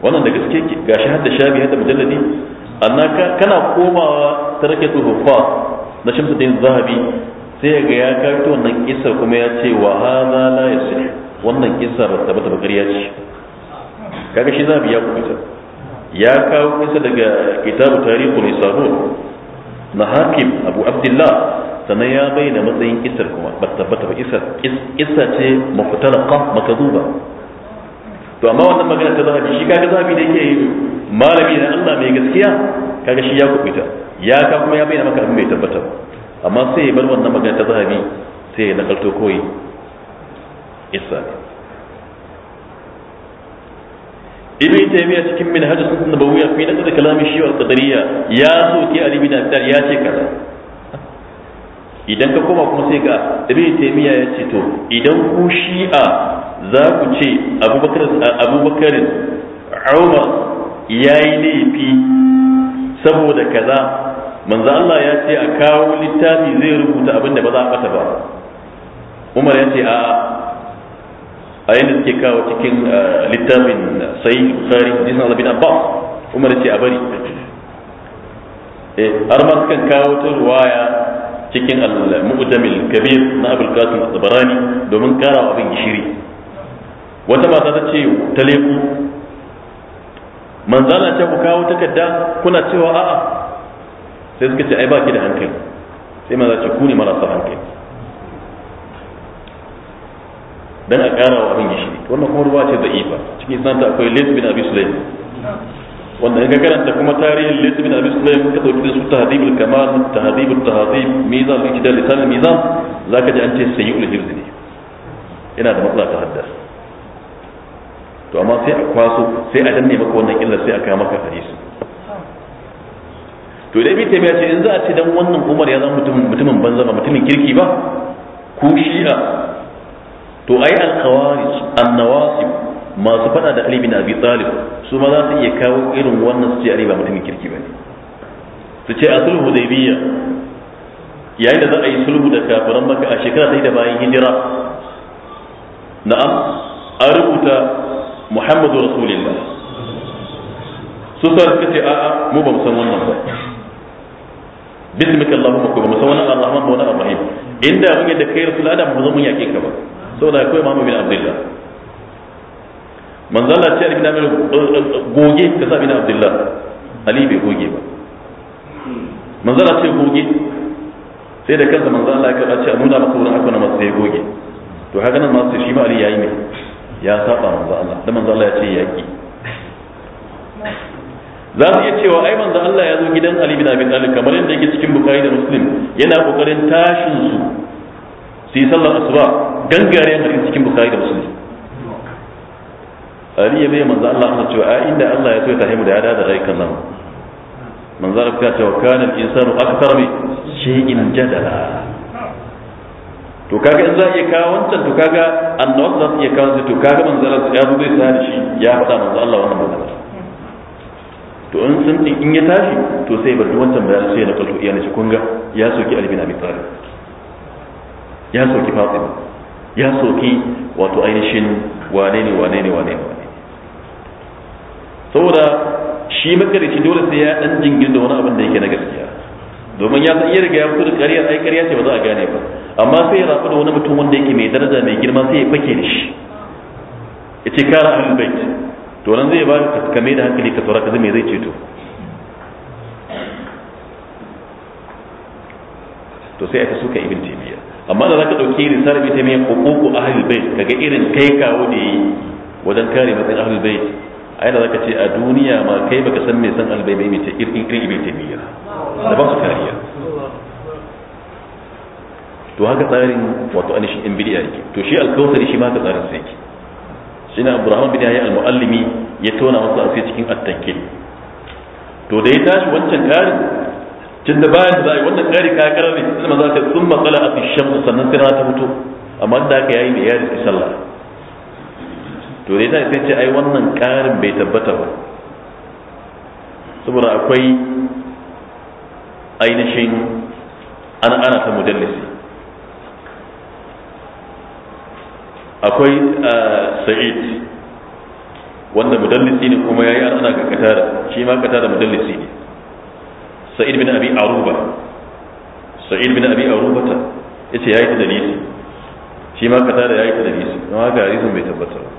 wannan da gaske ke gashi hadda shafi hadda mujalladi annaka kana komawa tarakatul huffaz na shamsuddin zahabi sai ga ya kawo wannan kisa kuma ya ce wa hadha la yasih wannan kisa ba ta ba ƙarya ce kaga shi zabi ya kubuta ya kawo kusa daga kitabu tarihu ne sahun na hakim abu abdullah sannan ya bayyana matsayin isar kuma ba tabbata ba isar isa ce ka makazuba to amma wannan magana ta zahabi shi kaga zahabi da yake malami da Allah mai gaskiya kaga shi ya kubuta ya ka kuma ya bayyana maka abin bai tabbata amma sai ya bar wannan magana ta zahabi sai ya nakalto koyi isa ne ibn taymiya cikin minhaj sunan nabawiyya fi naqd kalamin shi al-qadariyya ya soke ali bin abi ya ce kaza idan ka koma kuma sai ga ibn taymiya ya ce to idan ku shi'a za ku ce abubakar abubakar umar yayi laifi saboda kaza manzo Allah ya ce a kawo littafi zai rubuta abinda da ba za a bata ba umar ya ce a a yanda suke kawo cikin ah, littafin ah, sai bukhari hadisin Allah bin Abbas Umar ce a bari eh har ma sukan kawo ta ruwaya cikin al-mu'jamil kabir na Abul Qasim al-Tabarani domin kara abin gishiri wata mata ta ce ta leku manzala ce ku kawo takarda kuna cewa a'a sai suka ce ai baki da hankali sai manzala ce ku ne marasa hankali dan a kara wa abin gishiri wannan kuma ruwa ce da'ifa cikin sanata akwai Layth bin Abi sulaim wanda in ka karanta kuma tarihin Layth bin Abi sulaim ka dauki su al kamal al tahdhib mizan al-ijdal lisan mizan zaka ji an ce sayyul hirz ne yana da matsala ta haddar to amma sai a kwaso sai a danne maka wannan illa sai a kawo maka hadisi to dai bi tabiya ce in za a ce dan wannan Umar ya zama mutumin mutumin banza ba mutumin kirki ba ku shi'a to ai al-khawarij an-nawasib masu fada da Ali bin Abi Talib su ma za su iya kawo irin wannan su ce Ali ba mutumin kirki bane su ce a sulhu Hudaybiyya yayin da za a yi sulhu da kafiran maka a shekara ta da bayan hijira na'am a rubuta Muhammadu Rasulullah su sa suka ce a'a mu ba mu san wannan ba bismika Allahumma ba mu san wannan allahumma wa Ar-Rahim inda mun yadda kai Rasulullah da mu zo mun yake ka ba saboda akwai mamu bin abdullah manzala ce ibn amir eh, goge ka sa bin abdullah ali bai goge ba manzala ce goge sai da kansa Allah ya kaɗa ce a nuna maka wurin akwai na masu sai goge to haka nan masu shi ma ali ya yi ya saba manzo Allah da manzo Allah ya ce yaki za su iya cewa ai manzo Allah ya zo gidan Ali bin Abi Talib kamar yadda yake cikin Bukhari da Muslim yana kokarin tashin su su yi sallar asuba gangare hadisi cikin bukari da musulmi ali ya bai manzo Allah ya cewa a inda Allah ya so ya tahimu da ya da rai kan nan manzo Allah ya cewa kana insanu akthar bi shay'in jadala to kaga in za a iya kawo wancan to kaga annabawa za su iya kawo to kaga manzo Allah ya zo bai sa shi ya faɗa manzo Allah wannan magana to in sun in ya tashi to sai bar wancan tambaya sai na kalto iya na shi kunga ya soki Ali bin Abi ya soki fatima ya soki wato ainihin wane ne wane ne wane ne saboda shi makarici dole sai ya dan jingir da wani abin da yake na gaskiya domin ya san iya riga ya fito da ƙarya ai ƙarya ce ba za a gane ba amma sai ya rafa da wani mutum wanda yake mai daraja mai girma sai ya fake da shi ya ce kara ahlul bait to nan zai ba ka kame da hankali ka tsora ka zai zai ceto to sai aka suka ibn taymiya amma da zaka dauki risala bi ta mai hukuku ahlul bait kaga irin kai kawo da yi wajen kare matsayin ahlul bait ai da zaka ce a duniya ma kai baka san me san ahlul bait mai ce irin irin ibn taymiya da ba su kariya to haka tsarin wato an in bidiya yake to shi alkausari shi ma haka tsarin sai yake na abdurrahman bin yahya al-muallimi ya tona masa a cikin at to da ya tashi wancan karin tunda bayan da za a yi wannan kari kaya karar ne za maza ka sun matsala a fishen sannan sai ta mutu amma da aka yayi da ya riƙe sallah to dai sai ce ai wannan ƙarin bai tabbata ba saboda akwai ainihin an ana ta mudallisi akwai ah, sa'id wanda mudallisi ne kuma yayi an ana ga katara shi ma katara mudallisi ne sa'id bin abi aruba sa'id bin abi arubata yace yayi ta dalili shi ma kata da yayi ta dalili don haka hadisin bai tabbata ba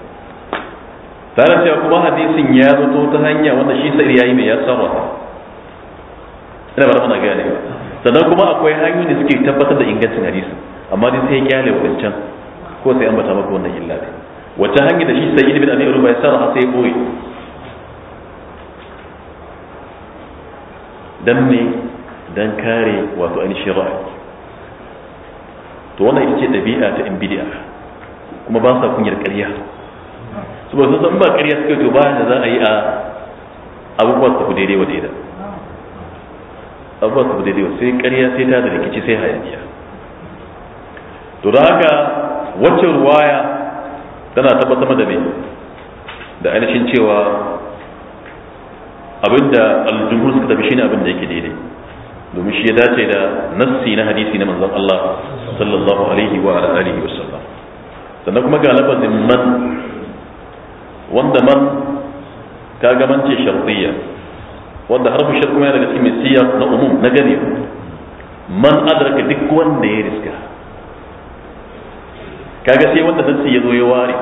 tare cewa kuma hadisin ya zo ta hanya wanda shi sa'id yayi mai ya sarrafa ina ba mana gane ba sannan kuma akwai hanyoyin da suke tabbatar da ingancin hadisi amma dai sai kyale wancan ko sai an bata maka wannan illa ne wata hanya da shi sai ibn abi Aruba ya sarra sai boye dan me dan kare wato ainihin ra'ayi to wannan ita ce ɗabi'a ta in bidiya kuma ba sa kunyar ƙarya su ba san ba ƙarya suka to ba da za a yi a abubuwa su ku daidai wa daida abubuwa su ku daidai wa sai ƙarya sai ta da rikici sai hayaniya to da haka wacce ruwaya tana tabbatar da me da ainihin cewa abinda al-jumhur suka tafi shine abinda yake daidai domin shi ya dace da nassi na hadisi na manzon Allah sallallahu alaihi wa alihi wa sallam sannan kuma ga lafazin man wanda man ka ga man ce shartiyya wanda harfi shar kuma yana daga cikin siya na umum na gani man adraka duk wanda ya riska kaga sai wanda nassi ya zo ya ware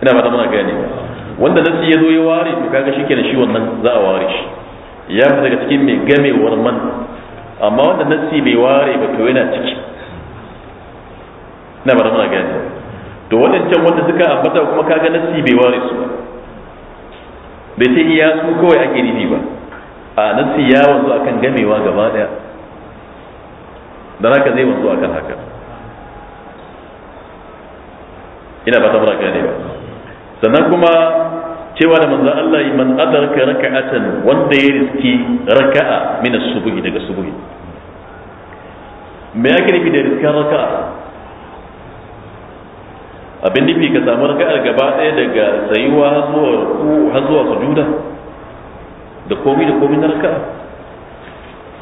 ina ba da muna gani ba wanda nasi ya zo ya ware to kaga shi kenan shi wannan za a ware shi ya fi daga cikin mai gamewar man amma wanda nasi bai ware ba to yana ciki na bari muna gani to can wanda suka ambata kuma kaga nasi bai ware su ba bai ce iya su kawai ake nufi ba a nasi ya wanzu akan gamewa gaba daya dan haka zai wanzu akan haka ina ba ta muna gane ba sannan kuma cewa da manzon Allah man adraka raka'atan wanda ya riski raka'a min as daga subhi me yake nufi da riskan raka'a abin nufi ka samu raka'ar gaba ɗaya daga tsayuwa har zuwa sujuda da komai da komai na raka'a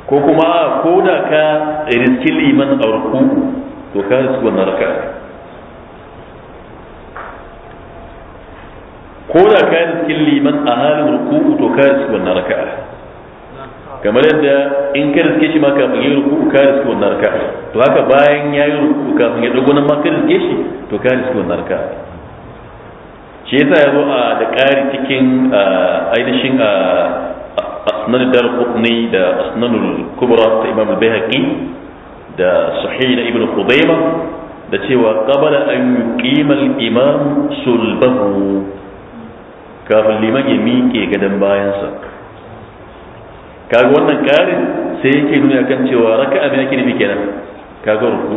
ko kuma ko da ka riski liman a to ka riski wannan raka'a ko da ka cikin liman a halin ruku'u to ka riski wannan raka'a kamar yadda in ka riske shi ma kafin yi ruku'u ka riski wannan raka'a to haka bayan ya yi ruku'u kafin ya dago nan ma ka riske shi to ka riski wannan raka'a shi yasa ya zo a da ƙari cikin ainihin a asnan dar qutni da asnan kubra ta imam al-bayhaqi da sahih da ibn khudaimah da cewa qabala an yuqima al-imam sulbahu kafin liman ya miƙe gadon bayansa kaga wannan ƙarin sai yake nuna kan cewa raka abin ake nufi kenan kaga ruku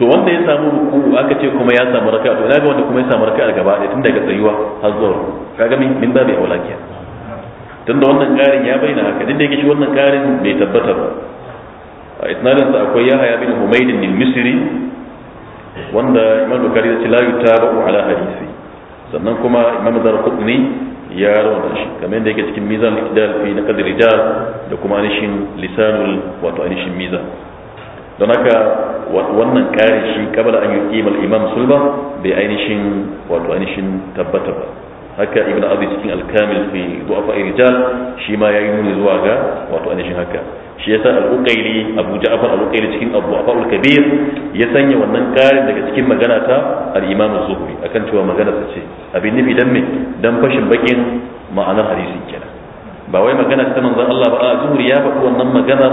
to wanda ya samu ruku aka ce kuma ya samu raka to ga wanda kuma ya samu raka gaba ɗaya tun daga tsayuwa har zuwa kaga min babu aula kiyar tun da wannan ƙarin ya bayyana haka duk da yake shi wannan ƙarin bai tabbata ba a sa akwai haya bin humaidin al-misri wanda imam bukari ya ce la yutabu ala hadisi sannan kuma imam zar kudni ya rauna shi kamar yadda yake cikin mizan al-idal fi naqd rijal da kuma anishin lisanul wato anishin mizan don haka wannan kare shi kabala an yuqima imam sulba bai ainihin wato ainihin tabbata ba haka ibn abi cikin al-kamil fi du'afa rijal shi ma yayi nuni zuwa ga wato ainihin haka shi yasa al uqayli abu ja'far al uqayli cikin abu afa'ul kabir ya sanya wannan karin daga cikin magana ta al-imam az-zuhri akan cewa magana ta ce abin nufi dan me dan fashin bakin ma'anar hadisi kenan ba wai magana ta manzon Allah ba az zuhri ya faɗi wannan magana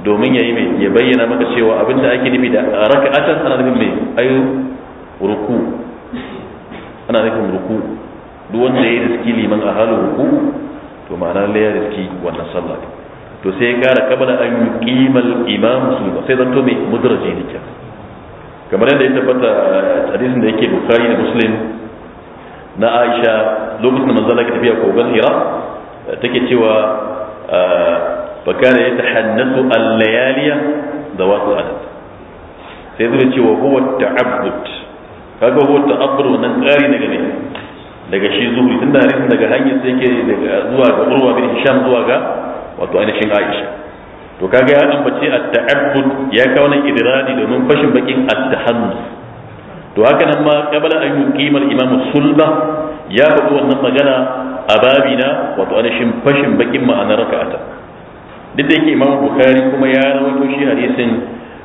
domin yayi me ya bayyana maka cewa abin da ake nufi da raka'atan ana nufin me ayu ruku ana nufin ruku duk wanda ya yi riski liman a ruku to ma'ana lallai da riski wannan sallah to sai ya kara kamala an yi kimal imam su sai zanto mai mudraji da kyan kamar yadda ya tabbata hadisin da yake bukari da muslim na aisha lokacin da manzala ke tafiya kogon hira take cewa bakana ah, ya ta hannatu allayaliya da wasu adad sai zuwa cewa huwa ta'abbud kaga huwa ta'abbud wannan ƙari daga ne daga shi zuhuri tunda hadisin daga hanyar sai ke zuwa ga urwa bin hisham zuwa ga wato ainihin aisha to kaga ya ambace at-ta'abbud ya kawo nan idradi domin fashin bakin at-tahannus to haka nan ma qabala an yuqima al-imam sulba ya faɗi wannan magana a babina wato ainihin fashin bakin ma'anar raka'ata duk da yake imam bukhari kuma ya rawaito shi hadisin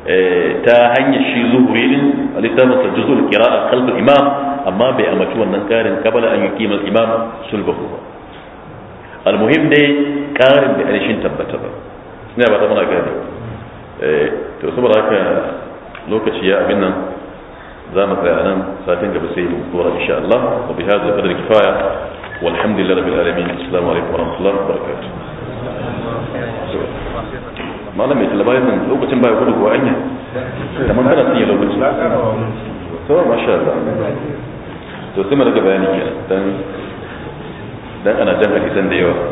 eh, ta hanyar shi zuhuri din a littafin sa juzul qira'a qalb imam amma bai amaci wannan karin qabala an yuqima al-imam sulbahu ba المهم دي قارن بأليشين تبتبا سنة بعد أمنا قادي تقصب رأيك لوكا شياء بنا زامة العالم ساتين قبل سيد الدورة إن شاء الله وبهذا قدر كفاية والحمد لله رب العالمين السلام عليكم ورحمة الله وبركاته ما لم يتلبا يمن لوكا تنبا يقوله هو عينه تمام بلا سيئة لوكا تنبا ما شاء الله تقصب رأيك بأليشين تبتبا dan ana jan hadisan da yawa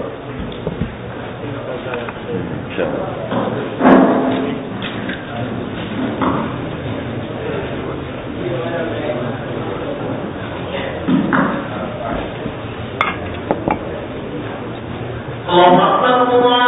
Allah Allah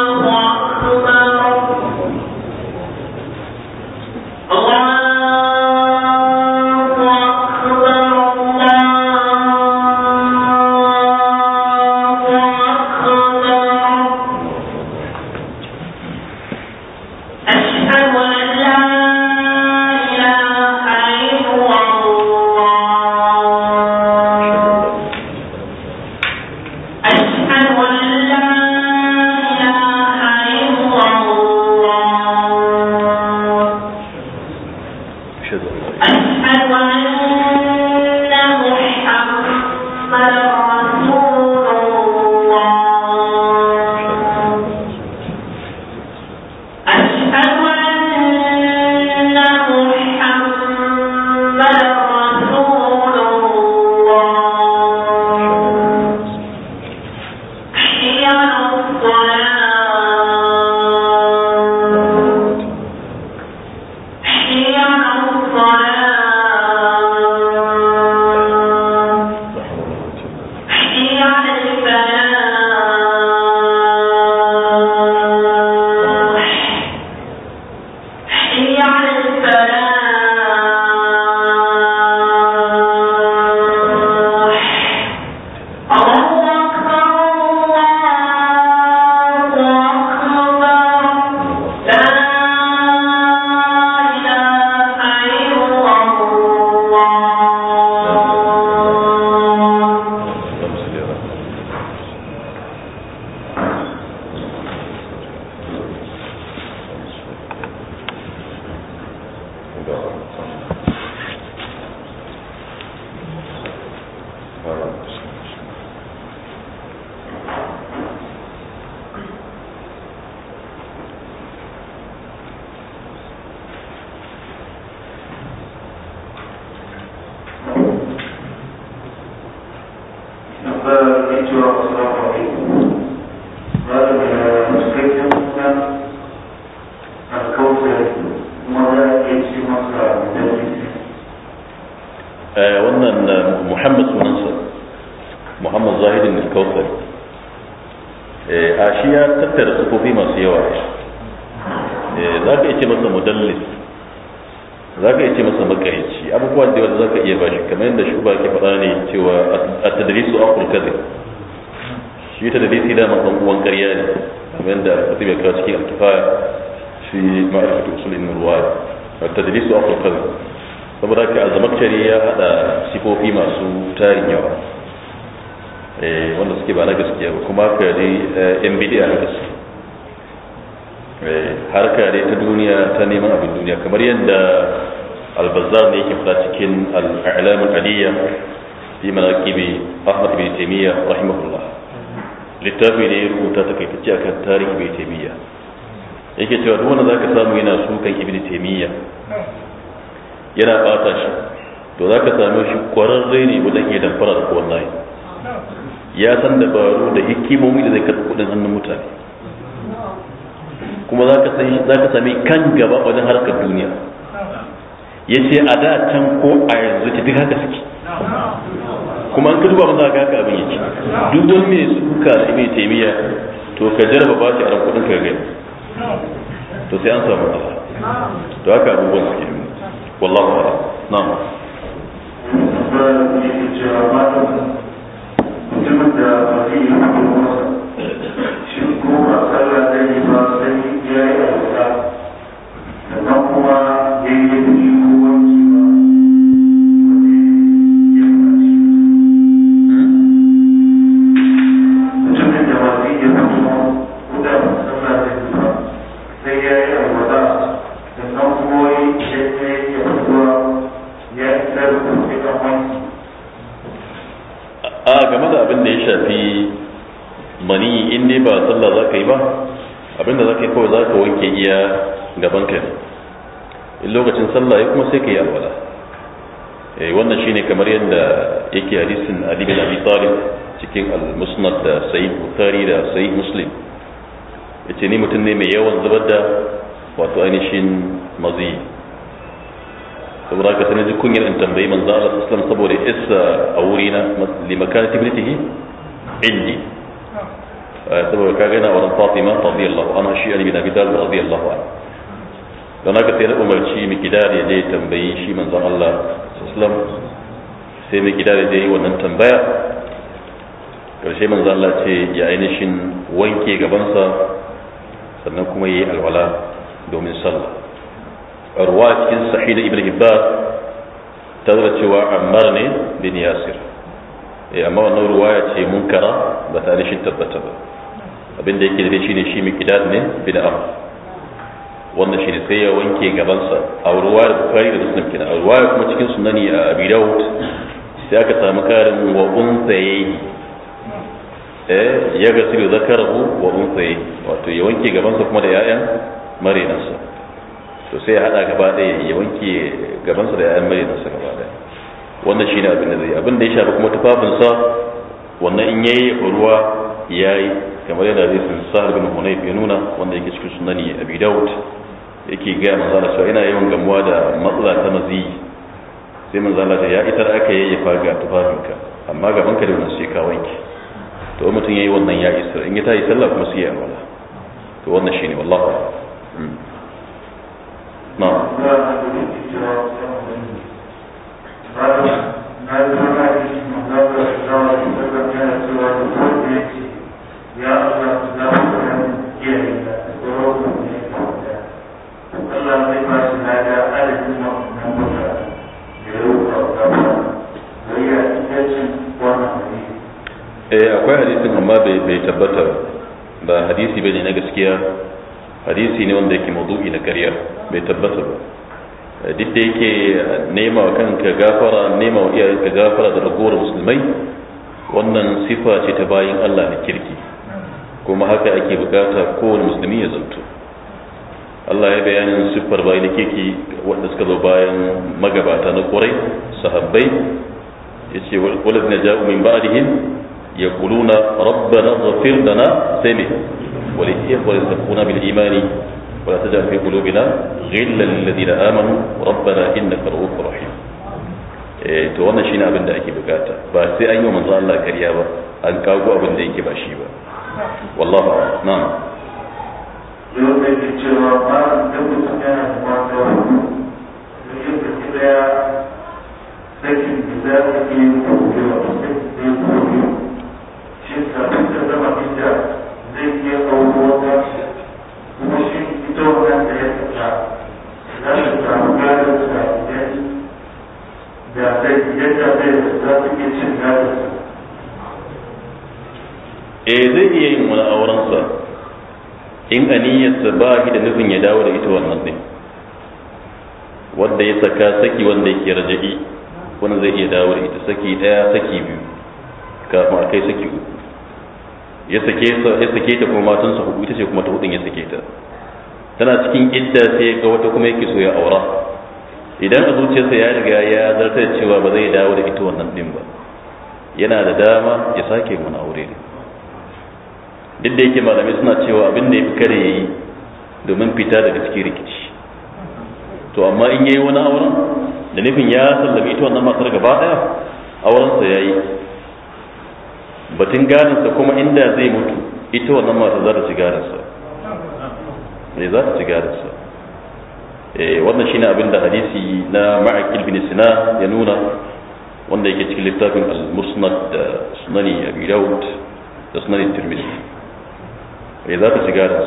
akul kadhib shi ta da dai da man uwan ƙarya ne kamar yadda mutum ya kawo cikin alkifaya shi ma'rifatu usulin ruwaya at-tadlisu akul kadhib saboda ka azamakari ya hada sifofi masu tarin yawa eh, wanda suke ba na gaskiya ba kuma ka dai mbd eh, a haka su eh, harka dai ta duniya ta neman abin duniya kamar yadda albazar ne yake fada cikin al'alamun aliyya fi manaqibi Ahmad bin Taymiyyah rahimahullah littafi da ya rubuta ta kaitace akan tarihi bin Taymiyyah yake cewa duk wanda zaka samu yana sukan Ibn Taymiyyah yana bata shi to zaka same shi kwararre ne wajen iya damfara da kowa nayi ya san dabaru da hikimomi da zai karɓi kudin hannun mutane kuma zaka ka sami kan gaba wajen harkar duniya ya ce a da can ko a yanzu duk haka suke kuma an ka duba maza ga abin yake duk wani mai suka su mai taimiya to ka jarba ba shi a ran kudin ka gani to sai an samu ala to haka abubuwan suke yi wallahu ala da yi ko ba sallah ta yi ba sai ya yi sannan kuma in dai ba sallah za ka yi ba abinda za ka yi kawai za ka wanke iya gaban ka ne in lokacin sallah ya kuma sai ka yi alwala eh, wannan shine kamar yadda yake hadisin ali bin abi talib cikin al-musnad da sahih bukhari da sahih muslim yace ni mutum ne mai yawan zubar da wato ainihin mazi saboda ka sanar kunyar in tambayi manzo Allah sallallahu alaihi wasallam saboda isa a wurina na biltihi indi سبب كاجنا وان فاطمة رضي الله عنها شيئا من أبي داود رضي الله عنه لأن كثير أمر شيء من كدار يدي تنبي شيء من ذن الله سلم سيم كدار يدي وان تنبي كرشي من ذن الله شيء يعينشين وين كي جبنسا سنكم أي الولاء دوم صلى أرواح إن صحيح ابن عباس تدرت وعمر بن ياسر أما أنه رواية منكرة بتعليش التبتة بها abin da yake da shi ne shi miqdad ne bid'a wannan shi ne sai ya wanke gabansa a ruwa da bukari da sunan kina a ruwa kuma cikin sunani a abi daud sai aka samu karin wa unsayi eh ya ga sirri zakarahu wa unsayi wato ya wanke gabansa kuma da 'ya'yan marinansa to sai ya hada gaba ɗaya ya wanke gabansa da 'ya'yan marinansa gaba ɗaya wannan shi ne abin da zai abin da ya shafi kuma tufafinsa wannan in yayi ruwa yayi kamar yadda hadisin sahar bin hunayf ya nuna wanda yake cikin sunani abi daud yake gaya manzo Allah cewa ina yawan gamuwa da matsala ta mazi sai manzo Allah ya da aka yayyafa ga tufafinka amma gaban ka da wannan sai ka wanke to mutum yayi wannan ya isa in ya tayi sallah kuma sai ya alwala to wannan shine wallahi hmm. na'am na yi ya Allah ne eh, akwai hadisin amma bai tabbata ba hadisi bane na gaskiya hadisi ne wanda yake maudu'i na bai tabbata ba eh, duk da yake nema wa kanka gafara iyayenka gafara da ragowar musulmai wannan sifa ce ta bayin Allah na kirki kuma haka ake bukata kowane musulmi ya zanto Allah ya bayanin siffar bayi da keke wanda suka zo bayan magabata na kwarai, sahabbai ya ce walad na ja'u min ba'dihim yaquluna rabbana da na sai ne wal ikhwan yastaquna bil imani ولا تجعل في قلوبنا غلا da امنوا ربنا انك رؤوف رحيم eh to wannan shine abin da ake bukata ba sai an yi manzo Allah kariya ba an kago abin da yake ba shi ba wallahu a'lam na'am yau cewa ba da mutum yana da da zai ya eh zai iya yin wani aurensa in aniyarsa ba shi da nufin ya dawo da ita wannan ɗin. wanda ya saka saki wanda yake raja'i wanda zai iya dawo da ita saki daya saki biyu kafin a kai saki uku ya sake ta kuma matansa hudu ita ce kuma ta hudun ya sake ta tana cikin idda sai ga wata kuma yake so ya aura idan a zuciyarsa ya riga ya zartar cewa ba zai dawo da ita wannan din ba yana da dama ya sake wani aure ne duk da yake malamai suna cewa abin da ya fi kare ya yi domin fita daga cikin rikici to amma in yayi wani auren da nufin ya sallame ita wannan matar gaba daya auren ya yi batun sa kuma inda zai mutu ita wannan matar za ta ci sa ne eh, za ta ci eh wannan shine abin da hadisi na ma'akil bin sina ya nuna wanda yake cikin littafin al-musnad da sunani abi daud da sunani tirmidhi eh za ta shiga da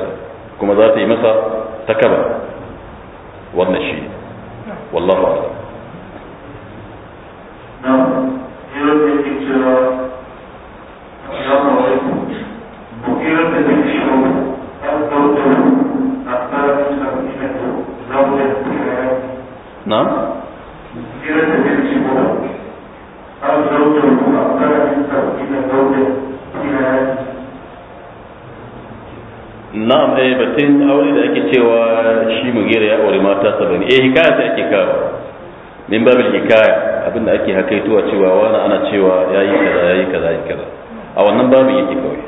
kuma za ta yi masa takaba wannan shi wallahu a'lam نعم na'am eh batun aure da ake cewa shi mugira ya aure mata saba'in eh hikaya ta ake kawo min babul hikaya abinda ake hakaituwa cewa wani ana cewa yayi kaza yayi kaza yayi kaza a wannan babu yake kawai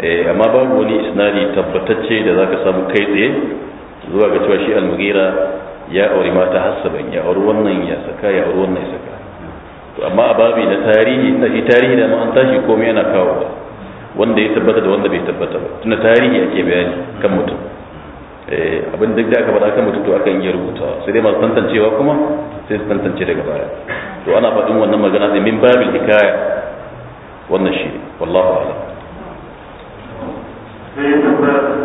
eh amma babu wani isnadi tabbatacce da zaka samu kai tsaye zuwa ga cewa shi al-mugira ya aure mata har saba'in ya aure wannan ya saka ya aure wannan ya saka to amma a babi na tarihi na tarihi da ma an tashi komai yana kawo wanda ya tabbata da wanda bai tabbata ba tunda tarihi ake bayani kan mutum eh, abin duk da aka faɗa kan mutum to aka yi rubutawa sai dai masu tantancewa kuma sai su tantance daga baya to ana faɗin wannan magana ne min babil hikaya wannan shi wallahu a'lam sai da da ba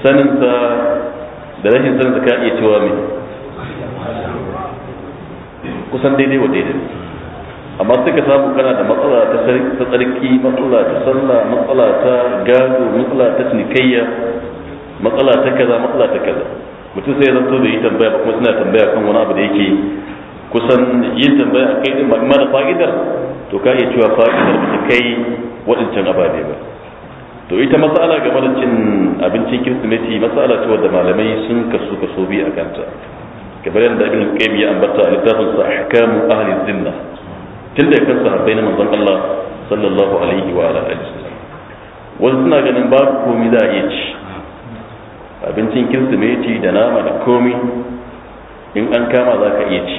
Saninta da rashin saninta ka iya cewa mai kusan daidai wa daidai amma suka samu kana da matsala ta tsarki matsala ta sallah matsala ta gado matsala ta cinikayya matsala ta kaza matsala ta kaza mutum sai ya zanto da yi tambaya ba kuma suna tambaya kan wani abu da yake kusan yin tambaya a kai din ba da fa'idar to ka iya cewa fa'idar ba ta kai waɗancan ababe ba to ita matsala game da cin abincin kirsimeti matsala ce wadda malamai sun kasu kaso biyu a kanta kamar yadda ibn qayyim ya ambata a littafin sa ahkamu ahli zimma tun da kan sahabbai na manzon Allah sallallahu alaihi wa ala alihi wasu suna ganin babu komai za a iya ci abincin kirsimeti da nama da komai in an kama za ka iya ci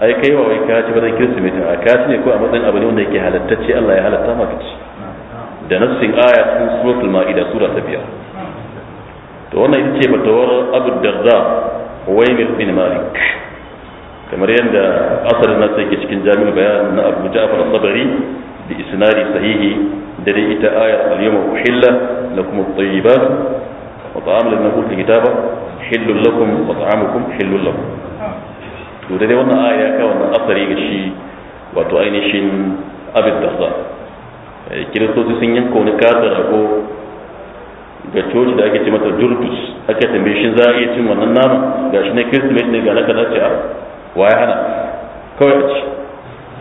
ai kai wa wai ka ci bazan kirsimeti a ka ci ne ko a matsayin abu ne wanda yake halattacce Allah ya halatta maka ci da nassin aya cikin suratul ma'ida sura ta biyar to wannan ita ce fatawar abu darda waimir bin malik kamar yadda asalin nasa yake cikin jami'ul bayan na abu ja'far sabari bi isnadi sahihi da dai ita ayar al-yawma uhilla lakum at-tayyibat wa ta'amul min kulli kitaba hillul lakum wa ta'amukum hillul lakum to dai wannan aya ka wannan asari ga shi wato ainihin abu darda Eh, kiristoci sun yanka wani kasa rago ga coci da ake ce mata jurdus aka tambaye shi za a iya cin wannan nama ga shi na kiristimeti ne ga na kaza ce a ah, waya hana kawai ci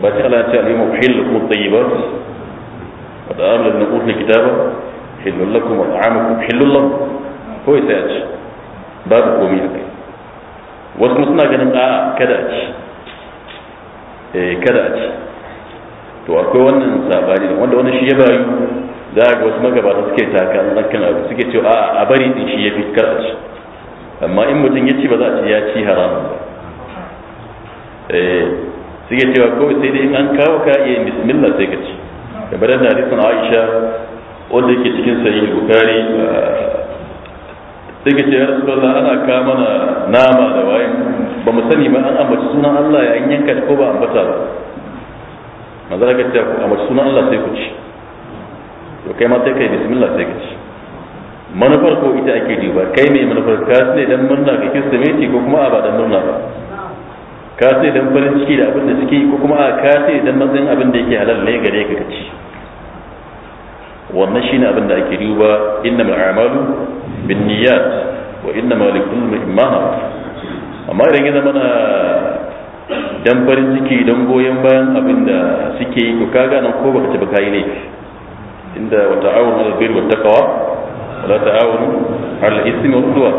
ba ce ala ce alimu hillu kuma da wa na lana gida ba hillu lakum wa kuma hillu lakum kawai sai a ci babu komi a kai wasu suna ganin a'a kada a ci eh, kada a ci to akwai wannan sabani da wanda wani shi ya bayu za ga wasu magabata suke taka tsakkan abu suke ce a a bari din shi ya fi kar amma in mutum ya ci ba za a ci ya ci haram ba eh, suke cewa kawai sai dai in an kawo ka iya bismillah sai ka ci kamar da hadisin Aisha wanda yake cikin sahih Bukhari eh, sai ka ce ya rasu ana kama mana nama da wayan ba mu sani ba an ambaci sunan Allah ya yanka ko ba ambata ba manzo da kace ku amma sunan Allah sai ku ci to kai ma sai kai bismillah sai ka ci manufar ko ita ake duba kai mai manufar ka sai dan murna ka ga ci ko kuma a ba dan murna ba ka sai dan farin ciki da abin da suke ko kuma a ka sai dan matsayin abin da yake halal ne gare ka ka ci wannan shine abin da ake duba innamal a'malu niyyat wa innamal likulli imam amma idan ya zama na dan farin ciki dan goyon bayan abin da suke yi ko kaga nan ko baka ci ba kai ne, inda wa ta'awun ala birr wa taqwa wa la ta'awun ala ismi wa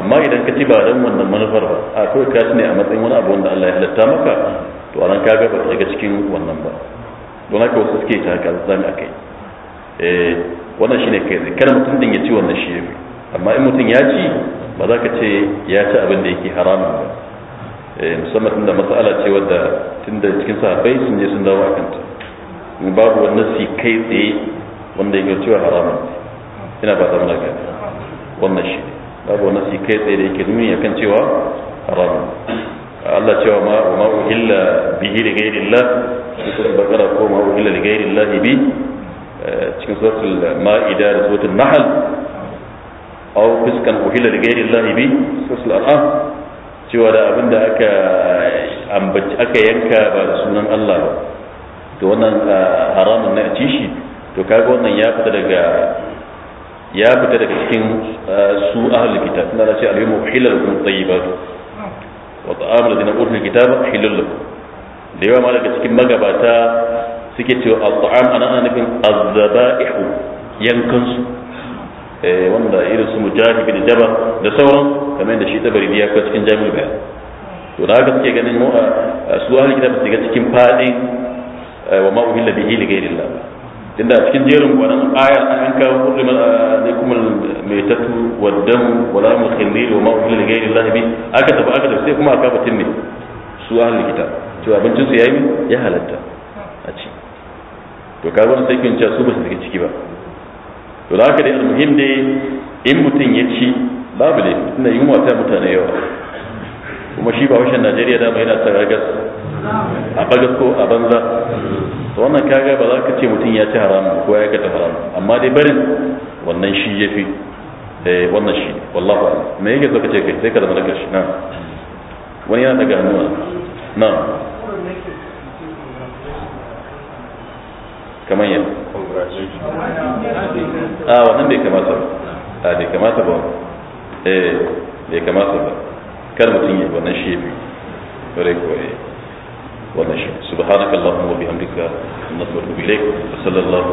amma idan ka ci ba dan wannan manufar ba a kai ka ci ne a matsayin wani abu wanda Allah ya halatta maka to anan kaga ba daga cikin wannan ba don haka wasu suke ta haka zan akai eh wannan shine kai kar mutum din ya ci wannan shi amma in mutum ya ci ba za ka ce ya ci abin da yake haramun ba Eh, musamman tunda matsala ce wadda tunda cikin sahabbai sun je sun dawo a kanta babu wani nasi kai tsaye wanda yake cewa haramun ina ba zama gani wannan shi babu wani nasi kai tsaye da yake nuni akan cewa haramun Allah cewa ma wa ma uhilla bihi li ghairillah cikin bakara ko ma uhilla li Allah bi eh, cikin suratul ma'ida da suratul nahl aw fiskan uhilla li Allah bi suratul al'am. cewa da abin da aka yanka ba da sunan Allah ba to wannan ah, haramun na ci shi to kaga wannan ya fita daga ya fita daga cikin ah, su ahlul kitab na ce al-yawma uhillal lakum tayyibat wa ta'amul ladina utul kitaba halal lakum da yawa ma daga cikin magabata suke cewa al-ta'am ana nufin az-zaba'ihu yankansu Eh, wanda irin su mujahid bin jabal da sauran kamar da shi tabari ya kawo cikin jami'u bayan to da haka suke ganin mu su ahli kitab su cikin fadin eh, wa ma uhilla bihi li ghairillah tunda cikin jerin wannan aya an kawo kullum alaikum almaitatu waddam wa eh, la mukhallil wa ma uhilla li ghairillah bi aka tafi aka tafi sai kuma aka batun ne su ahli kitab to abincin su yayi ya halatta a ci to kaga wannan sai kin ce su ba su ciki ba to da haka dai almuhim dai in mutum ya ci babu ne tunda yunwa ta mutane yawa kuma shi ba washin najeriya dama yana ta ragas a bagas ko a banza to wannan kaga ba za ka ce mutum ya ci haramu ko ya kata haramu amma dai barin wannan shi ya fi eh, wannan shi wallahu a'lam me yake so ka ce kai sai ka zama na karshe na wani yana daga hannuwa na kamar yadda a ah, wannan bai kamata ba a ah, bai kamata ba eh bai kamata ba kar mutum ya wannan shi bi bare ko eh wannan shi subhanaka allahumma wa bihamdika nasbatu ilayk sallallahu